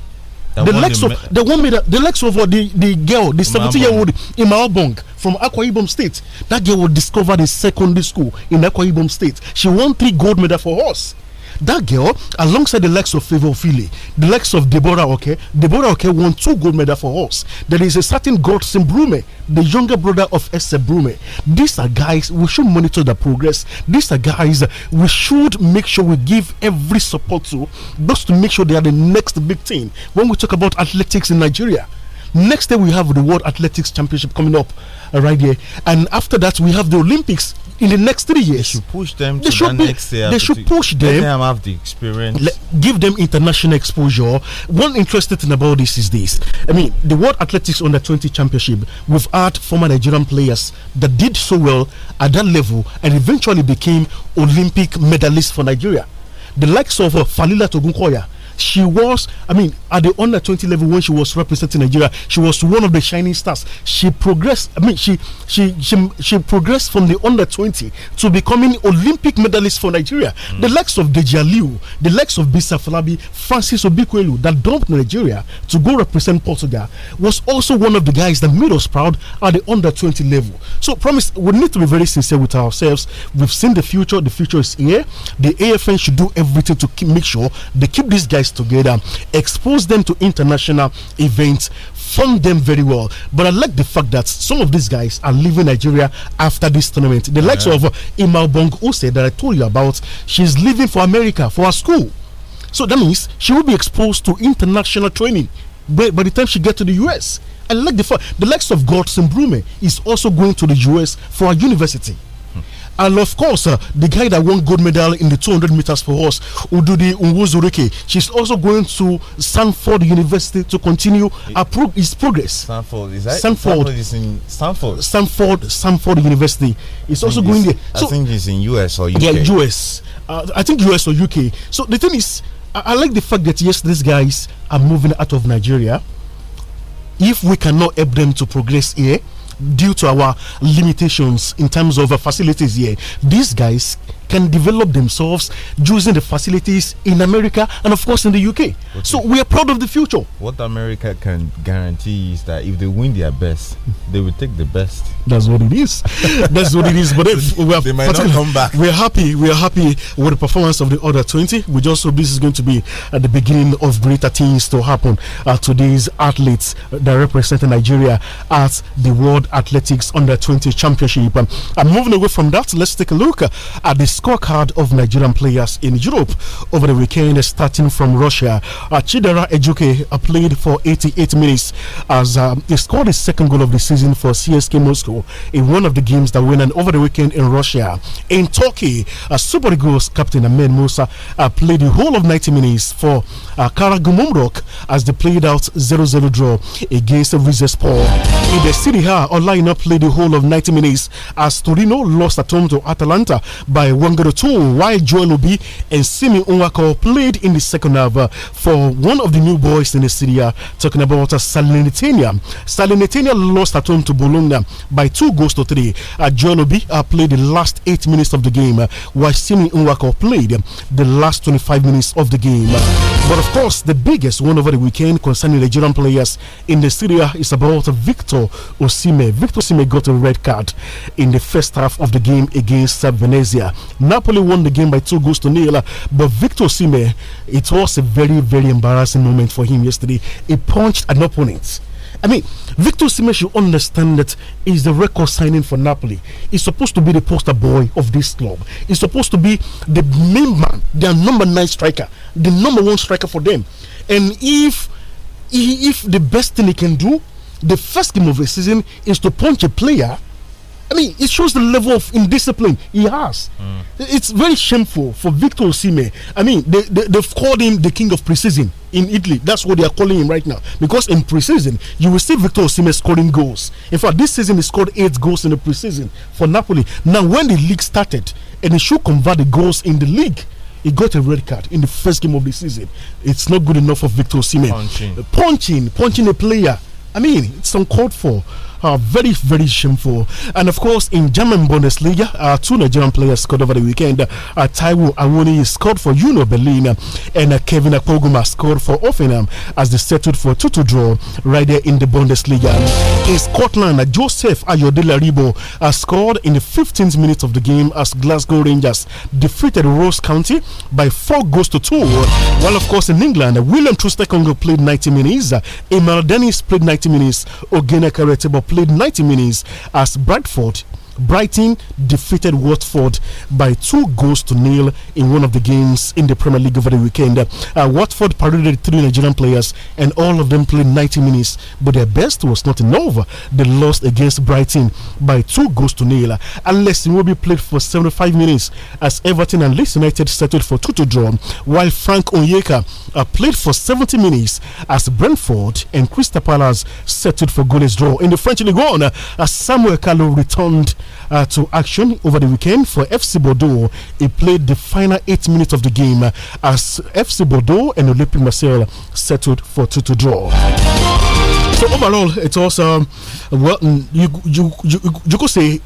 the, legs of the woman, the, the legs of the the girl, the 17 year old Imao Bong from Akwa Ibom State. That girl was discovered in secondary school in Akwa Ibom State. She won three gold medal for us. That girl, alongside the likes of Favor Fili, the likes of Deborah Oke, Deborah Oke won two gold medals for us. There is a certain Godson Brume, the younger brother of Esther Brume. These are guys we should monitor the progress. These are guys we should make sure we give every support to, just to make sure they are the next big thing. When we talk about athletics in Nigeria, next day we have the World Athletics Championship coming up uh, right here, and after that we have the Olympics in the next three years. They should push them they should next year. They should push them. them have the experience. give them international exposure. One interesting thing about this is this. I mean, the World Athletics Under 20 Championship, we've had former Nigerian players that did so well at that level and eventually became Olympic medalists for Nigeria. The likes of uh, Falila Togunkoya she was, I mean, at the under 20 level when she was representing Nigeria, she was one of the shining stars. She progressed, I mean, she she she, she progressed from the under 20 to becoming Olympic medalist for Nigeria. Mm. The likes of Deja Liu, the likes of Bisa Falabi, Francis Obikwelu that dumped Nigeria to go represent Portugal was also one of the guys that made us proud at the under 20 level. So, promise, we need to be very sincere with ourselves. We've seen the future, the future is here. The AFN should do everything to keep, make sure they keep these guys together, expose them to international events, fund them very well. But I like the fact that some of these guys are leaving Nigeria after this tournament. The yeah. likes of uh, Imal Bong Ose that I told you about, she's leaving for America for her school. So that means she will be exposed to international training by, by the time she gets to the US. I like the fact the likes of Godson Brume is also going to the US for a university. And of course, uh, the guy that won gold medal in the 200 meters for us, Ududi Nwozurike, she's also going to Stanford University to continue her pro his progress. Stanford, is that? Stanford. Stanford is in Stanford. Stanford, Stanford University. It's also going there. So, I think it's in US or UK. Yeah, US. Uh, I think US or UK. So the thing is, I, I like the fact that yes, these guys are moving out of Nigeria. If we cannot help them to progress here, due to our limitations in terms of uh, facilities here. These guys can develop themselves using the facilities in America and, of course, in the UK. Okay. So we are proud of the future. What America can guarantee is that if they win their best, they will take the best. That's what it is. [LAUGHS] That's what it is. But we are they might not come back. We're happy. We're happy with the performance of the other 20. We just hope this is going to be at uh, the beginning of greater things to happen. Uh, these athletes that represent Nigeria at the World Athletics Under 20 Championship. Um, I'm moving away from that. Let's take a look uh, at this scorecard of Nigerian players in Europe over the weekend, starting from Russia. Uh, Chidera Ejuke uh, played for 88 minutes as um, he scored his second goal of the season for CSK Moscow in one of the games that went on over the weekend in Russia. In Turkey, uh, Super Eagles captain Ahmed Musa uh, played the whole of 90 minutes for uh, as they played out 0 0 draw against Rizespor. In the City, A, Olaina played the whole of 90 minutes as Torino lost at home to Atalanta by one Wangaroto, while Joel Obi and Simi Unwako played in the second half uh, for one of the new boys in the city, uh, talking about uh, Salinitania. lost at home to Bologna by two goals to three. Uh, Joel Obi uh, played the last eight minutes of the game, uh, while Simi Unwako played the last 25 minutes of the game. But of course, the biggest one over the weekend concerning the Nigerian players in the Serie is about uh, Victor Osime. Victor Osime got a red card in the first half of the game against uh, Venezia. Napoli won the game by two goals to nil. Uh, but Victor Sime, it was a very, very embarrassing moment for him yesterday. He punched an opponent. I mean, Victor Sime should understand that he's the record signing for Napoli. He's supposed to be the poster boy of this club. He's supposed to be the main man, their number nine striker, the number one striker for them. And if if the best thing he can do, the first game of the season is to punch a player I mean, it shows the level of indiscipline he has. Mm. It's very shameful for Victor Osime. I mean, they, they, have called him the king of precision in Italy. That's what they are calling him right now. Because in preseason, you will see Victor Osime scoring goals. In fact, this season he scored eight goals in the preseason for Napoli. Now, when the league started, and he should convert the goals in the league. He got a red card in the first game of the season. It's not good enough for Victor Osimhen. Punching. punching, punching a player. I mean, it's uncalled for. Uh, very, very shameful. And of course, in German Bundesliga, uh, two Nigerian players scored over the weekend. Uh, Taiwo Awoni scored for Juno Berlin, and uh, Kevin Akpoguma scored for Offenham as they settled for 2 2 draw right there in the Bundesliga. In Scotland, uh, Joseph Ayodele Ribo scored in the 15th minute of the game as Glasgow Rangers defeated Ross County by 4 goals to 2. While, of course, in England, uh, William Trustekongo played 90 minutes, uh, Emil Dennis played 90 minutes, Ogena Karetebo played 90 minutes as Bradford. Brighton defeated Watford by two goals to nil in one of the games in the Premier League over the weekend. Uh, Watford paraded three Nigerian players, and all of them played 90 minutes, but their best was not enough. They lost against Brighton by two goals to nil. Unless be played for 75 minutes as Everton and Leeds United settled for 2 to draw, while Frank Onyeka uh, played for 70 minutes as Brentford and Crystal Palace settled for goalless draw. In the French League One, uh, Samuel Kalou returned uh, to action over the weekend for FC Bordeaux. He played the final eight minutes of the game as FC Bordeaux and Olympique Marseille settled for 2 to draw. So overall, it was um, well, mm, you you you you could say,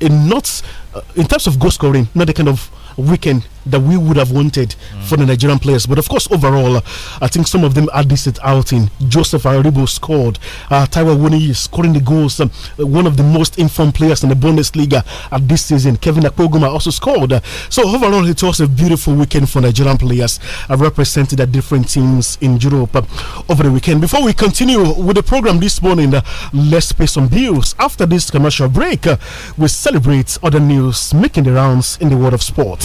in not uh, in terms of goal scoring, not the kind of weekend that we would have wanted mm. for the Nigerian players. But of course, overall, uh, I think some of them are decent outing. Joseph Aribo scored. Uh, Taiwa scoring the goals. Um, one of the most informed players in the Bundesliga at this season. Kevin Akoguma also scored. Uh, so overall, it was a beautiful weekend for Nigerian players uh, represented at different teams in Europe uh, over the weekend. Before we continue with the program this morning, uh, let's pay some bills. After this commercial break, uh, we celebrate other news making the rounds in the world of sports.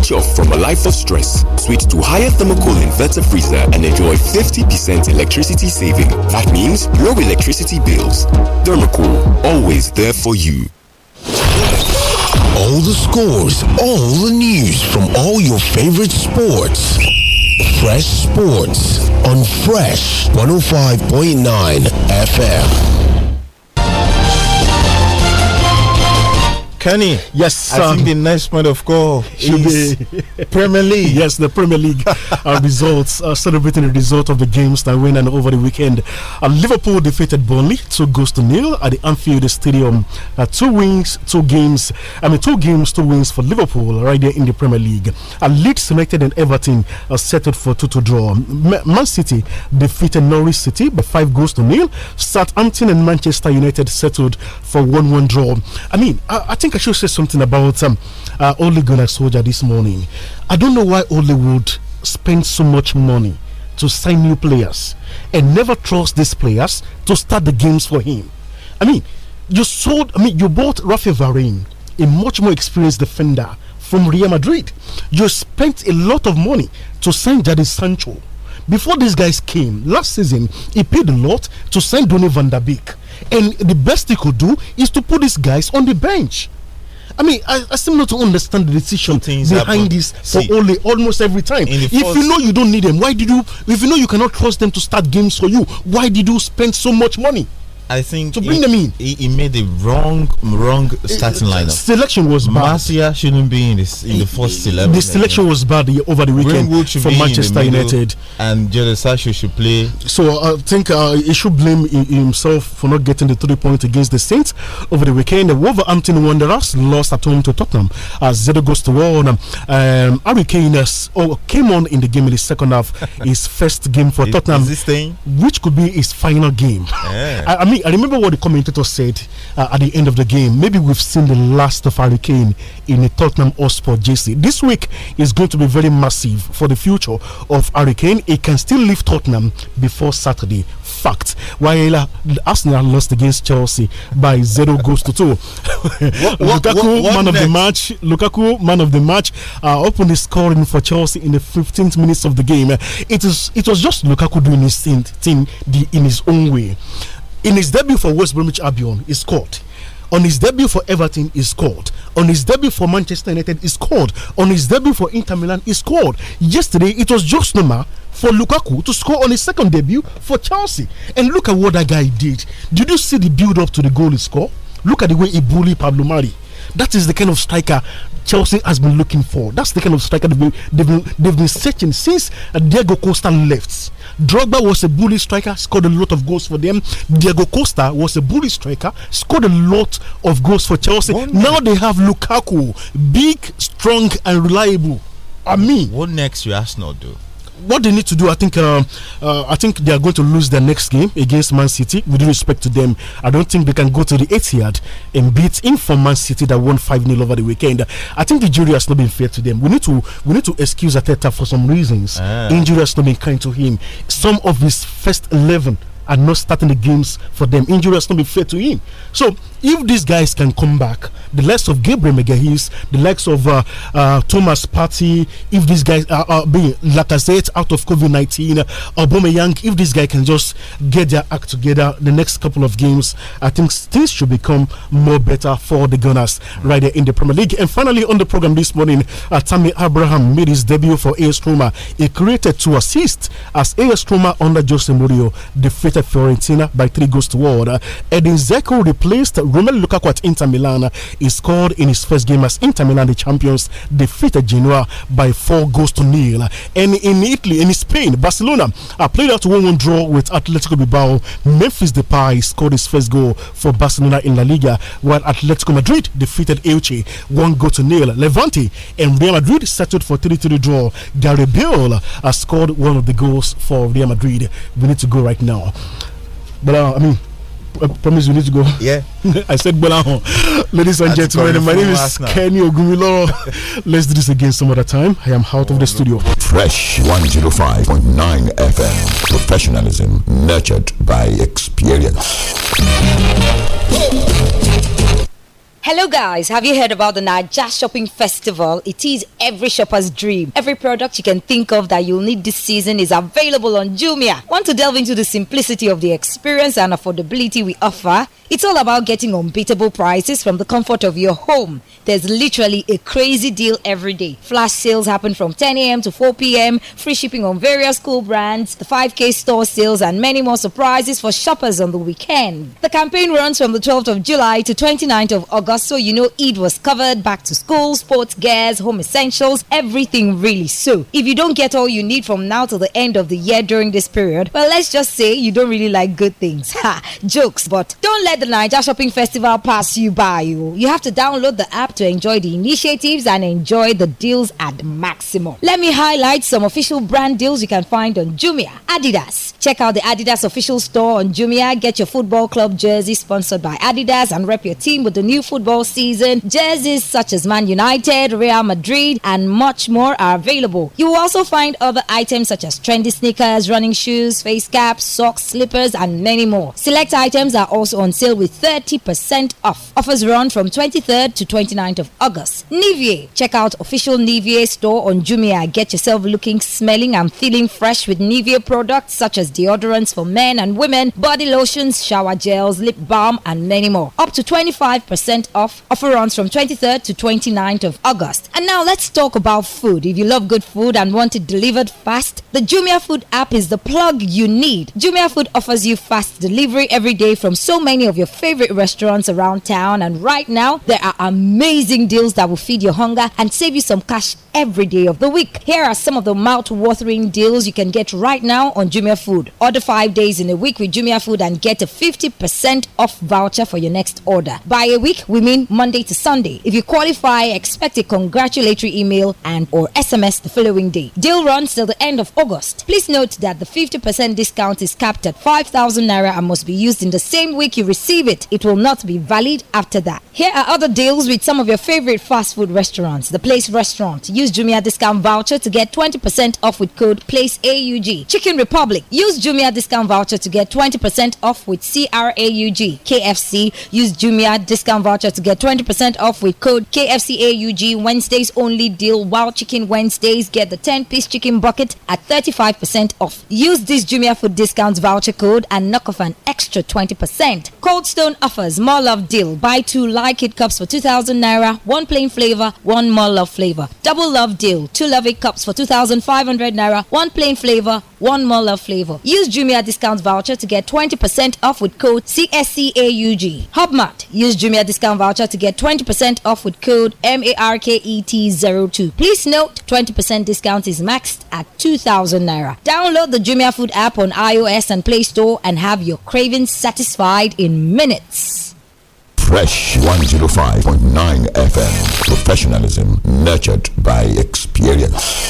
switch off from a life of stress. Switch to higher thermocool inverter freezer and enjoy 50% electricity saving. That means low electricity bills. Thermocool, always there for you. All the scores, all the news from all your favorite sports. Fresh Sports on Fresh 105.9 FM. Kenny. Yes, sir. I think the next point of call should be [LAUGHS] Premier League. Yes, the Premier League [LAUGHS] uh, results, uh, celebrating the result of the games that went and over the weekend. Uh, Liverpool defeated Burnley two goals to nil at the Anfield Stadium. Uh, two wins, two games. I mean, two games, two wins for Liverpool right there in the Premier League. Uh, Leeds United and Everton uh, settled for 2 to draw. M Man City defeated Norwich City by five goals to nil. Southampton and Manchester United settled for 1 1 draw. I mean, I, I think think I should say something about um, uh, Ole Gunnar Soldier this morning. I don't know why Ole would spend so much money to sign new players and never trust these players to start the games for him. I mean, you sold, I mean, you bought Rafael Varane, a much more experienced defender from Real Madrid. You spent a lot of money to sign Jadon Sancho. Before these guys came last season, he paid a lot to sign Donny van der Beek. And the best he could do is to put these guys on the bench. I mean, I, I not to understand the decision Things behind this See, for only almost every time. If you know you don't need them, why did you? If you know you cannot trust them to start games for you, why did you spend so much money? I think to bring he, them in. He, he, made the wrong wrong starting it, lineup. Selection was bad. Marcia shouldn't be in this in the first eleven. The selection was bad over the weekend for Manchester United. And Jadon should play. So uh, I think uh, he should blame himself for not getting the three points against the Saints over the weekend. The Wolverhampton Wanderers lost at home to Tottenham as Zero goes to one. Um, Harry Kane oh, came on in the game in the second half. [LAUGHS] his first game for Tottenham, is, which could be his final game. Yeah. [LAUGHS] I, I mean. I, remember what the commentator said uh, at the end of the game. Maybe we've seen the last of Hurricane in a Tottenham Hotspur jersey. This week is going to be very massive for the future of Hurricane. It can still leave Tottenham before Saturday. Fact. While uh, Arsenal lost against Chelsea by zero goals to two. [LAUGHS] what, what, Lukaku, what, man next? of the match. Lukaku, man of the match, uh, opened his scoring for Chelsea in the 15th minutes of the game. It is. It was just Lukaku doing his thing, thing the, in his own way. In his debut for West Bromwich Albion, he scored. On his debut for Everton, he scored. On his debut for Manchester United, he scored. On his debut for Inter Milan, he scored. Yesterday, it was Josh Noma for Lukaku to score on his second debut for Chelsea. And look at what that guy did. Did you see the build up to the goal he scored? Look at the way he bullied Pablo Mari. That is the kind of striker Chelsea has been looking for. That's the kind of striker they've been, they've been, they've been searching since Diego Costa left. Drogba was a bully striker, scored a lot of goals for them. Diego Costa was a bully striker, scored a lot of goals for Chelsea. now next. they have Lukaku, big, strong, and reliable. I mean, what next you ask now, do? what they need to do, I think, um, uh, I think they are going to lose their next game against Man City. With respect to them, I don't think they can go to the Etihad and beat in for Man City that won five 0 over the weekend. I think the jury has not been fair to them. We need to we need to excuse Ateta for some reasons. Ah. Injury has not been kind to him. Some of his first eleven are not starting the games for them. Injury has not been fair to him. So if these guys can come back, the likes of Gabriel Megahis, the likes of uh, uh, Thomas Party, if these guys are, are being, like I said, out of COVID 19, Aubameyang, if this guy can just get their act together the next couple of games, I think things should become more better for the Gunners right there in the Premier League. And finally, on the program this morning, uh, Tammy Abraham made his debut for AS Roma. He created two assists as AS Roma under Jose Mourinho defeated Fiorentina by three goals to one. Uh, Edin Zeko replaced Romelu Lukaku at Inter Milan, he scored in his first game as Inter Milan, the champions, defeated Genoa by four goals to nil. And in Italy, in Spain, Barcelona uh, played out 1 1 draw with Atletico Bilbao. Memphis Depay scored his first goal for Barcelona in La Liga, while Atletico Madrid defeated Elche 1 goal to nil. Levante and Real Madrid settled for 3 3 draw. Gary Bale has scored one of the goals for Real Madrid. We need to go right now. But uh, I mean, I promise we need to go. Yeah. [LAUGHS] I said Bolahon. Ladies and That's gentlemen, my name is Kenny Ogumiloro. [LAUGHS] Let's do this again some other time. I am out oh, of the studio. Fresh 105.9 FM. Professionalism nurtured by experience. Hello guys, have you heard about the Naja Shopping Festival? It is every shopper's dream. Every product you can think of that you'll need this season is available on Jumia. Want to delve into the simplicity of the experience and affordability we offer? It's all about getting unbeatable prices from the comfort of your home. There's literally a crazy deal every day. Flash sales happen from 10 a.m. to 4 p.m., free shipping on various cool brands, the 5K store sales, and many more surprises for shoppers on the weekend. The campaign runs from the 12th of July to 29th of August so, you know, Eid was covered back to school, sports gears, home essentials, everything really. So, if you don't get all you need from now till the end of the year during this period, well, let's just say you don't really like good things. [LAUGHS] Ha! Jokes, but don't let the Niger Shopping Festival pass you by. You, oh. you have to download the app to enjoy the initiatives and enjoy the deals at maximum. Let me highlight some official brand deals you can find on Jumia, Adidas, Check out the Adidas official store on Jumia. Get your football club jersey sponsored by Adidas and rep your team with the new football season. Jerseys such as Man United, Real Madrid, and much more are available. You will also find other items such as trendy sneakers, running shoes, face caps, socks, slippers, and many more. Select items are also on sale with 30% off. Offers run from 23rd to 29th of August. Nivier. Check out official Nivier store on Jumia. Get yourself looking, smelling, and feeling fresh with Nivier products such as deodorants for men and women, body lotions, shower gels, lip balm, and many more. Up to 25% off. Offer runs from 23rd to 29th of August. And now let's talk about food. If you love good food and want it delivered fast, the Jumia Food app is the plug you need. Jumia Food offers you fast delivery every day from so many of your favorite restaurants around town. And right now, there are amazing deals that will feed your hunger and save you some cash every day of the week. Here are some of the mouth-watering deals you can get right now on Jumia Food food. Order five days in a week with Jumia Food and get a 50% off voucher for your next order. By a week, we mean Monday to Sunday. If you qualify, expect a congratulatory email and or SMS the following day. Deal runs till the end of August. Please note that the 50% discount is capped at 5,000 naira and must be used in the same week you receive it. It will not be valid after that. Here are other deals with some of your favorite fast food restaurants. The Place Restaurant. Use Jumia discount voucher to get 20% off with code PLACEAUG. Chicken Republic. Use Use Jumia discount voucher to get 20% off with CRAUG KFC. Use Jumia discount voucher to get 20% off with code KFCAUG Wednesdays only deal. Wild Chicken Wednesdays get the 10 piece chicken bucket at 35% off. Use this Jumia food discount voucher code and knock off an extra 20%. Cold Stone offers more love deal. Buy two like it cups for 2000 naira, one plain flavor, one more love flavor. Double love deal. Two love it cups for 2500 naira, one plain flavor, one more love flavor. Use Jumia discount voucher to get 20% off with code CSCAUG. Hubmart. Use Jumia discount voucher to get 20% off with code MARKET02. Please note 20% discount is maxed at 2000 naira. Download the Jumia Food app on iOS and Play Store and have your cravings satisfied in minutes. Fresh 105.9 FM. Professionalism nurtured by experience.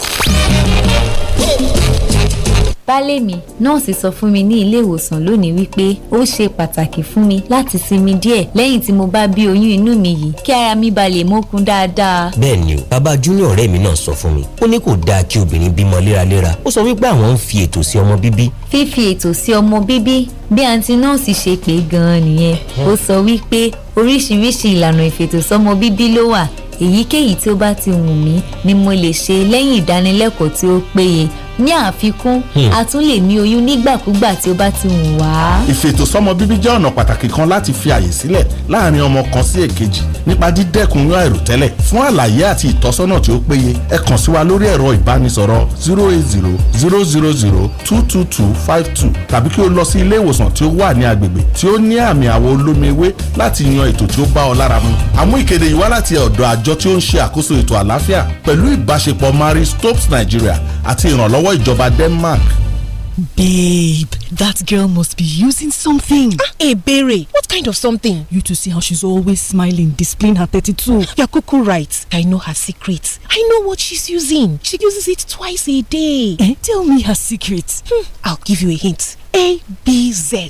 baálé mi nọ́ọ̀sì sọ fún mi ní ilé ìwòsàn lónìí wípé ó ṣe pàtàkì fún mi láti sinmi díẹ̀ lẹ́yìn tí mo bá bí oyún inú mi yìí kí ara mi ba lè mókun dáadáa. bẹ́ẹ̀ni o bàbá junior ọ̀rẹ́ mi náà sọ fún mi ó ní kò dáa kí obìnrin bímọ léraléra ó sọ wípé àwọn ń fi ètò sí ọmọ bíbí. fífi ètò sí ọmọ bíbí bí àǹtí nọ́ọ̀sì ṣe pé gan-an nìyẹn ó sọ wípé oríṣiríṣi ìlànà ìfètòsọ́mọ bíbí ló wà èyíkéyìí tí ó bá ti wù mí ni mo lè ṣe lẹ́yìn ìdánilẹ́kọ̀ọ́ tí ó péye ní àfikún hmm. a tún lè ní oyún nígbàkúgbà tí ó bá ti wù wá. ìfètò sọmọ bíbí jẹ́ ọ̀nà pàtàkì kan láti fi àyè sílẹ̀ láàrin ọmọ kan sí èkejì nípa dídẹ́kun oyún àìròtẹ́lẹ̀ fún àlàyé àti ìtọ́sọ́nà tí ó péye ẹ kàn sí wa lórí ẹ̀rọ ìbánisọ̀rọ̀ zero eight zero zero zero zero two two two five two tàbí kí o lọ sí ilé ìwòsàn tí ó wà ní agbègbè tí ó ní àmì àwọ̀ olómi ewé láti yan ètò tí ó bá ọ lára mu àmú ìkéde yìí wá láti ọ̀dọ̀ àjọ àjọ tí ó ń ṣe àkóso ètò àlàáfíà pẹ̀lú ìbáṣepọ̀ Nigeria àti ìrànlọ́wọ́ ìjọba Denmark. Babe, that girl must be using something. Ah, hey, eh, Bere, what kind of something? You to see how she's always smiling, displaying her 32. You're right. I know her secret. I know what she's using. She uses it twice a day. Eh? Tell me her secret. Hmm, I'll give you a hint. A B Z.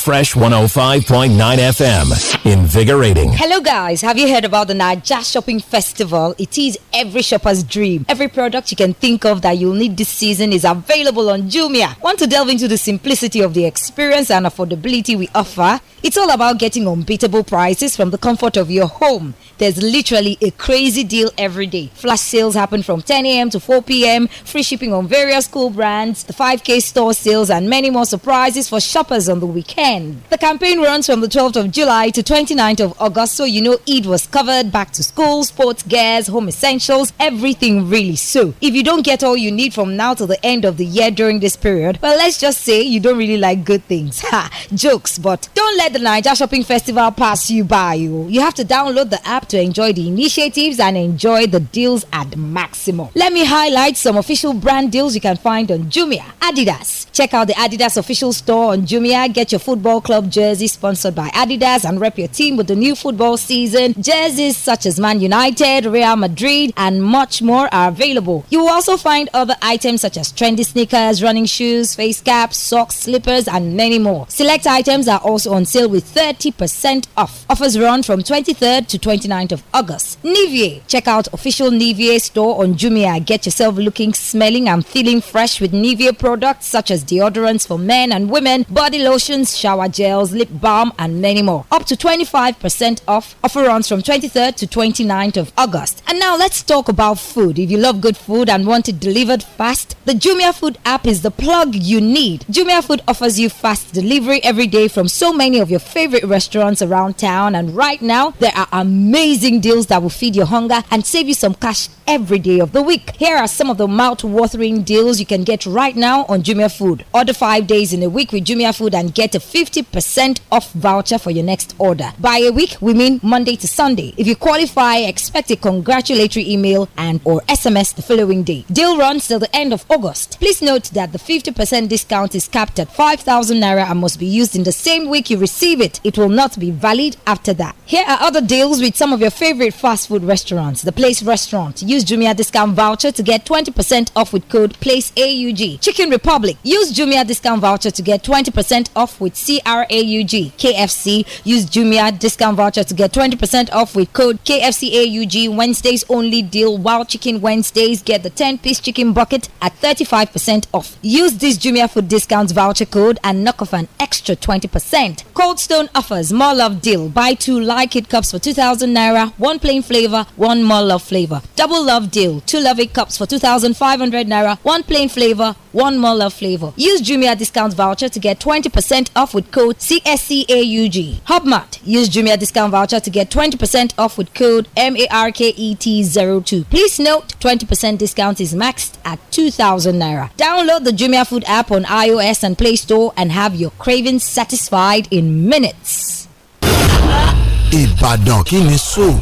Fresh 105.9 FM. Invigorating. Hello, guys. Have you heard about the Naja Shopping Festival? It is every shopper's dream. Every product you can think of that you'll need this season is available on Jumia. Want to delve into the simplicity of the experience and affordability we offer? It's all about getting unbeatable prices from the comfort of your home. There's literally a crazy deal every day. Flash sales happen from 10 a.m. to 4 p.m., free shipping on various cool brands, the 5K store sales, and many more surprises for shoppers on the weekend. The campaign runs from the 12th of July to 29th of August, so you know it was covered back to school, sports gears, home essentials, everything really. So, if you don't get all you need from now till the end of the year during this period, well, let's just say you don't really like good things. Ha! Jokes, but don't let the Niger Shopping Festival pass you by. You, oh. you have to download the app to enjoy the initiatives and enjoy the deals at maximum. Let me highlight some official brand deals you can find on Jumia. Adidas. Check out the Adidas official store on Jumia. Get your full Football Club jersey sponsored by Adidas and rep your team with the new football season. Jerseys such as Man United, Real Madrid, and much more are available. You will also find other items such as trendy sneakers, running shoes, face caps, socks, slippers, and many more. Select items are also on sale with 30% off. Offers run from 23rd to 29th of August. Nivier. Check out official Nivier store on Jumia. Get yourself looking, smelling, and feeling fresh with Nivier products such as deodorants for men and women, body lotions, shower gels, lip balm, and many more. Up to 25% off. Offer runs from 23rd to 29th of August. And now let's talk about food. If you love good food and want it delivered fast, the Jumia Food app is the plug you need. Jumia Food offers you fast delivery every day from so many of your favorite restaurants around town. And right now, there are amazing deals that will feed your hunger and save you some cash every day of the week. Here are some of the mouth-watering deals you can get right now on Jumia Food. Order five days in a week with Jumia Food and get a 50% off voucher for your next order. By a week, we mean Monday to Sunday. If you qualify, expect a congratulatory email and or SMS the following day. Deal runs till the end of August. Please note that the 50% discount is capped at 5,000 naira and must be used in the same week you receive it. It will not be valid after that. Here are other deals with some of your favorite fast food restaurants. The Place Restaurant. Use Jumia discount voucher to get 20% off with code PLACEAUG. Chicken Republic. Use Jumia discount voucher to get 20% off with C R A U G KFC. Use Jumia discount voucher to get 20% off with code KFCAUG. Wednesdays only deal. Wild Chicken Wednesdays get the 10 piece chicken bucket at 35% off. Use this Jumia food discounts voucher code and knock off an extra 20%. Cold Stone offers more love deal. Buy two like it cups for 2,000 naira, one plain flavor, one more love flavor. Double love deal. Two love it cups for 2,500 naira, one plain flavor, one more love flavor. Use Jumia discount voucher to get 20% off with code CSCAUG. Hubmart. Use Jumia discount voucher to get 20% off with code MARKET02. Please note 20% discount is maxed at 2000 naira. Download the Jumia Food app on iOS and Play Store and have your cravings satisfied in minutes. Ibadan kini so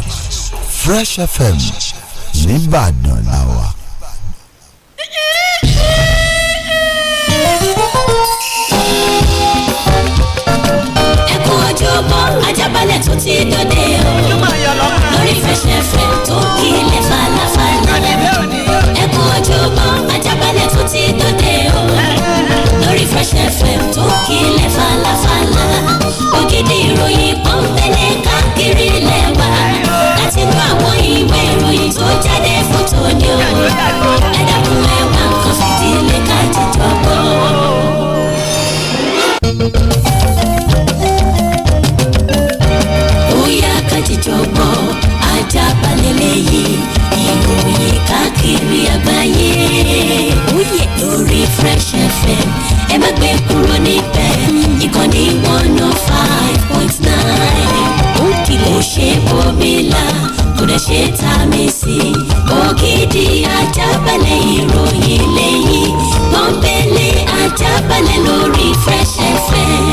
Fresh FM Nìbàdàn làwà. balẹ̀ tó ti dòde o. lórí fẹsẹ̀fẹ̀ tó kílẹ̀ falafala. ẹ kú ojúmọ́ ajábalẹ̀ tó ti dòde o. lórí fẹsẹ̀fẹ̀ tó kílẹ̀ falafala. ògidì ìròyìn pọ́npẹ́lẹ́ káàkiri lẹ́wà. láti nú àwọn ìwé ìròyìn tó jáde fún tòní o. ẹ dákun ẹ wá nǹkan fìdílé ká jíjọ gbọ́. àṣìjọgbọ́ ajábalẹ̀ lẹ́yìn ìròyìn káàkiri àgbáyé oh lórí Fresh FM ẹ má gbé kúrò níbẹ̀ ìkànnì one oh five point nine ó kìlọ̀ ṣe bòmílà kò dẹ̀ ṣe ta mí sí ògidì ajábalẹ̀ ìròyìn lẹ́yìn pọ́npẹ́lẹ́ ajábalẹ̀ lórí Fresh FM.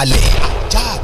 balẹ̀. ajá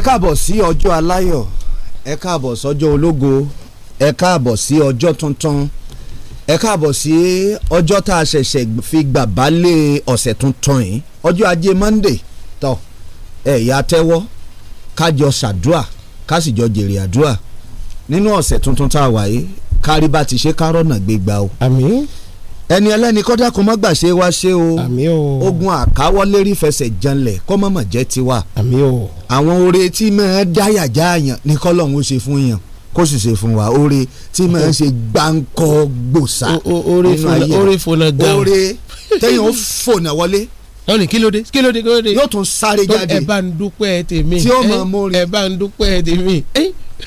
ẹ káàbọ̀ sí ọjọ́ aláyọ̀ ẹ káàbọ̀ sọ́jọ́ ológo ẹ káàbọ̀ sí ọjọ́ tuntun ẹ káàbọ̀ sí ọjọ́ tá a ṣẹ̀ṣẹ̀ fi gbà bálé ọ̀sẹ̀ tuntun yìí ọjọ́ ajé Monday tó ẹ̀yà tẹ́wọ́ kájọ ṣàdúà kásìjọ jèrè àdúà nínú ọ̀sẹ̀ tuntun tá a wà kárí bá ti ṣe kárọ̀nà gbégbá o. àmín. ẹni ẹlẹ́ni kọ́dá kó má gbàṣe wá ṣe o. àmín o. ogun àkáwọlérí fẹsẹ̀ janlẹ̀ kó mọ̀mọ̀ jẹ́ tiwa. àmín o àwọn oore tí máa dáyà já àyàn ní kọ́lọ́hún ó ṣe fún yàn kó sì ṣe fún wa oore tí máa ń ṣe gbáǹkọ gbòòsà nínú ayé oore fòlà gan oore [LAUGHS] tẹ́yìn ó fònà wọlé yóò ní kílódé kílódé kílódé yóò tún sáré jáde ẹ bá ń dúpẹ́ tèmi tí ó mọ̀ mórí ẹ bá ń dúpẹ́ tèmi.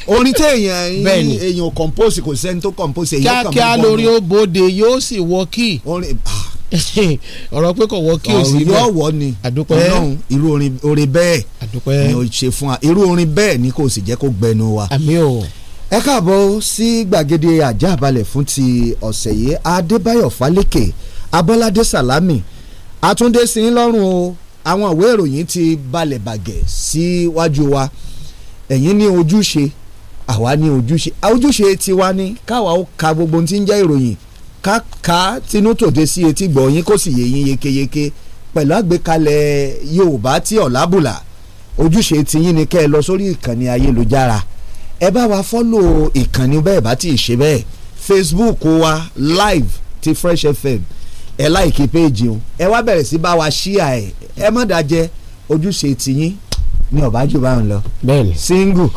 orin tí èèyàn [LAUGHS] èèyàn compose kò sẹ́ni tó compose èèyàn kàn mọ́ bọ́ọ̀lù kíákíá lórí ó bòde yóò sì wọ kíì. orin ah [LAUGHS] ọ̀rọ̀ pé kò wọ́ kí o sí bẹ́ẹ̀ ọ̀wọ́ ni ọlọ́run irú orin bẹ́ẹ̀ ni o ṣe fún wa irú orin bẹ́ẹ̀ ni kò sì jẹ́ kó gbẹnu wa. àmì o. ẹ káàbọ̀ sí gbàgede àjà balẹ̀ fún ti ọ̀sẹ̀ yìí adébáyọ̀ fálékè abọ́ládé sàlámì àtúndé sí i lọ́rùn o àwọn ìwé ìròyìn ti balẹ̀ bàgẹ̀ síwájú wa ẹ̀yin ní ojúṣe àwa ní ojúṣe ojúṣe tiwa ni káwa ó ka gbogbo ohun ń jẹ́ ìròyìn káka tinú tòde sí etí gbọ̀ yín kó sì yé yín yékéyéké pẹ̀lú àgbékalẹ̀ Yorùbá tí ọ̀làbùlà ojúṣe tiyín ni kẹ́ ẹ lọ sórí ìkànnì ayélujára ẹ bá wa fọ́lò ìkànnì bẹ́ẹ̀ bá ti ṣe bẹ́ẹ̀ Facebook wa live ti Fresh FM ẹ láìkí péèjì o ẹ wá bẹ̀rẹ̀ sí bá wa ṣíà ẹ ẹ má dájẹ́ ojúṣe tiyín ni ọ̀bájú bá ń lọ. single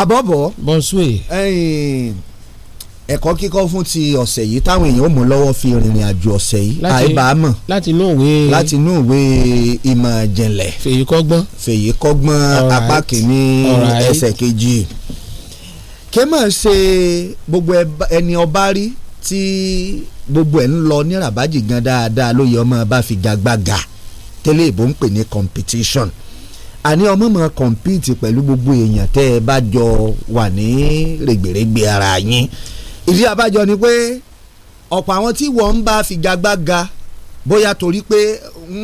abọ́bọ̀. bọ́nsúwe. ẹ̀yìn ẹ̀kọ́ kíkọ́ fún ti ọ̀sẹ̀ yìí táwọn èèyàn ò mú lọ́wọ́ fi rìnrìn àjò ọ̀sẹ̀ yìí àìbámọ̀ láti inú òwe láti inú òwe ìmọ̀ ìjìnlẹ̀ fèyí kọ́gbọ́n fèyí kọ́gbọ́n apá kìíní ẹsẹ̀ kejì kí mọ̀ ṣe gbogbo ẹni ọba rí tí gbogbo ẹ̀ ń lọ ní rabaji gan dáadáa ló ọmọ bá fi gagbága tẹ́lẹ̀ ìbò ń pè ní competition àní ọmọ máa compete pẹ̀lú gbogbo èèyàn tẹ́ ẹ bá jọ wà ní rẹ̀gbẹ̀rẹ̀gbẹ̀ ara yín ìdí abájọ ni pé ọ̀pọ̀ àwọn tí wọ́n ń bá figagbága bóyá torí pé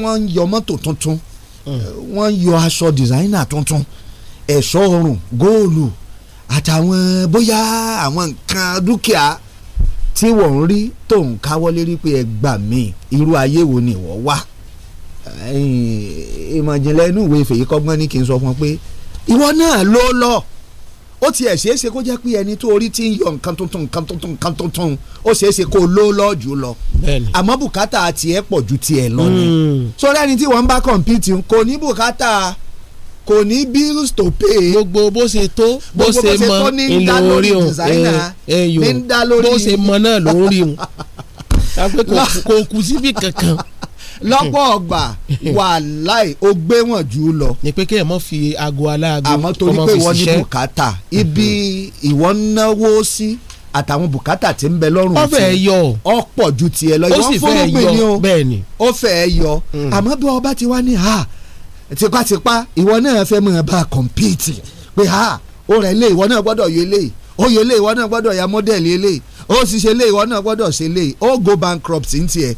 wọ́n ń yọ mọ́tò tuntun wọ́n ń yọ aṣọ dìsáínà tuntun ẹ̀ṣọ́ ọrùn góòlù àtàwọn bóyá àwọn nǹkan dúkìá tí wọ́n ń rí tó ń káwọ́ lérí pé ẹ gbà irú ayé wo ni ìwọ wà ìmọ̀jìnlẹ̀ inú ìwé ìfèyí kọ́gbọ́n ní kí sọ fún ọ pé ìwọ náà ló lọ. ó tiẹ̀ ṣeé ṣe kó jẹ́ pé ẹni tó orí ti ń yọ nǹkan tuntun nǹkan tuntun nǹkan tuntun ó ṣeé ṣe kó ló lọ́ jù lọ àmọ́ bùkátà tiẹ̀ pọ̀ ju amo bukata tie lọ ni hmm. sórí ẹni tí wọ́n ń bá kọ̀ǹpìtì kò ní bùkátà kò ní bills to pay. gbogbo bó ṣe tó bó ṣe mọ ìlò orí o ẹyọ bó ṣe mọ náà lórí o [LAUGHS] kò kù síbi kankan lọ́pọ̀ ọgbà [LAUGHS] wàláì ó gbé wọn jù ú lọ. ni pé kéèyàn mọ̀ fi aago aláago ọmọ fi ṣiṣẹ́ àmọ́ torí pé ìwọ ní bùkátà ibi ìwọ náwó sí àtàwọn bùkátà tí ń bẹ lọ́rùn ọ̀fẹ́ ẹ yọ ọ̀pọ̀ ju tiẹ̀ lọ yo. fọ́nrúgbìn ni o ó fẹ́ yọ hmm. àmọ́ bí ọba ti wá ní ha tipátipá ìwọ náà fẹ́ mọ̀ bá kọ̀mpìtì pé ha ó rẹ̀ lé ìwọ náà gbọ́dọ̀ yọ eléyìí ó yọ eléyìí ìwọ náà gbọ́dọ̀ ya mọ́dẹ̀lì eléyìí ó sì ṣe eléyìí ìwọ náà gbọ́dọ̀ ṣe eléyìí ó go bankrupt ní tiẹ̀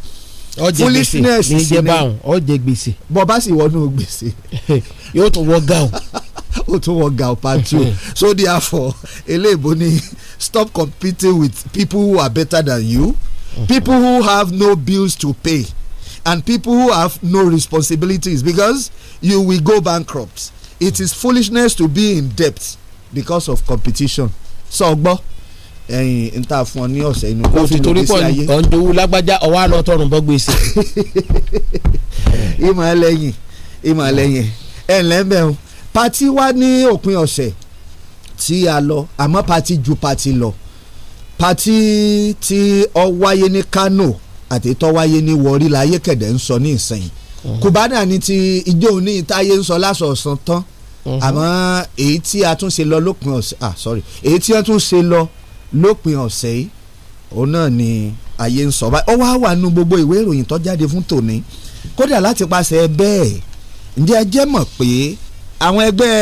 foolishness ní jẹ báwọn ọ jẹ gbèsè. bọ́ bá sì wọnú gbèsè. [LAUGHS] yóò tún wọ gáwọn. [LAUGHS] ó tún wọ gáwọn part two [LAUGHS] so therefore eléèbó ni stop competing with people who are better than you mm-hmm. people who have no bills to pay and people who have no responsibilities because you will go bankrupt it is foolishness to be in debt because of competition. sọ so, so ẹyin n ta fún ọ ní ọ̀sẹ̀ inú kó fi lòdì sí ayé. ọ̀njọ́wú lágbájá ọ̀wá lọ tọrùn bọ́ gbèsè. [LAUGHS] ìmọ̀ ẹlẹ́yìn ìmọ̀ ẹlẹ́yìn ẹ̀ ńlẹ́bẹ̀ o pati wa ní òpin ọ̀sẹ̀ tí a lọ àmọ́ pati ju pati lọ pati tí ó wáyé ní Kano àti tó wáyé ní Warri láyé kẹ̀dẹ̀ ń sọ ní ìsìn Cubana mhm. ni ti ijó ní ìtayé ń sọ lásọ̀ọ̀sán tán mhm. àmọ́ èyí tí a tún ṣe lọ lópin ọ̀sẹ̀ ah sorry èyí tí a tún ṣe lọ lópin ọ̀sẹ̀ yìí òun náà ni ayé ń sọ báyìí ó wá wà nù gbogbo ìwé ìròyìn tó jáde fún tòní kódà láti paṣẹ bẹ́ẹ̀ ǹjẹ́ ẹ jẹ́ mọ̀ pé àwọn ẹgbẹ́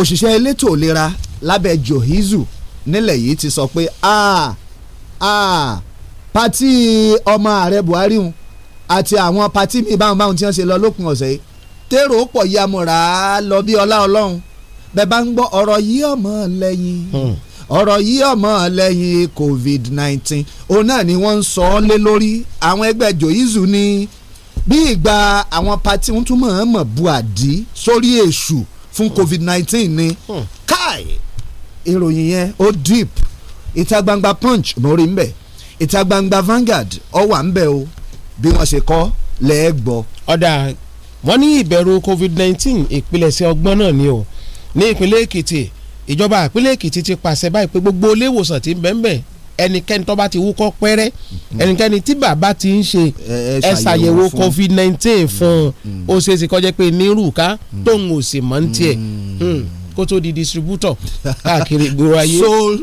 òṣìṣẹ́ elétò ìlera lábẹ́ johizu nílẹ̀ yìí ti sọ pé a a pati ọmọ ààrẹ Buhari hun àti àwọn pati mi báwọn báwọn tí wọ́n ṣe lọ lópin ọ̀sẹ̀ yìí tèrò pọ̀ yamọ̀ra lọ bí ọlá ọlọ́run bẹ́ẹ̀ bá ń gbọ́ ọ̀rọ̀ yìí ọmọ lẹ́yìn. Hmm ọ̀rọ̀ yìí ọmọ lẹ́yìn covid 19 òun náà ni wọ́n ń sọ ọ́ lé lórí àwọn ẹgbẹ́ joyizu ní bí ìgbà àwọn pati ń túmọ̀ ọ́n mọ̀ bu àdí sórí èṣù fún covid 19 ni hmm. káì ìròyìn yẹn ó deep ìta gbangba punch mo rí mbẹ ìta gbangba Vanguard ó wà mbẹ o bí wọ́n ṣe kọ lẹẹgbọ. ọ̀dà wọ́n ní ìbẹ̀rù covid 19 ìpilẹ̀ṣẹ̀ ọgbọ́n náà ni o ní ìpínlẹ̀ Èkìtì ìjọba ìpínlẹ̀ Èkìtì ti pàṣẹ báyìí pé gbogbo ilé ìwòsàn ti ń bẹ́ẹ̀ bẹ́ẹ̀ ẹnikẹ́ni tó bá ti wúkọ́ pẹ́rẹ́ mm-hmm. ẹnikẹ́ni tí bàbá ti ń ṣe ẹ ṣàyẹ̀wò covid nineteen fún mm-hmm. ó ṣe é ṣe kọjá pé nírúkà mm-hmm. tóun ò sì mọ̀ ń tiẹ̀ hmm, kó tó di distributor káàkiri ìgboro ayé. [LAUGHS] sole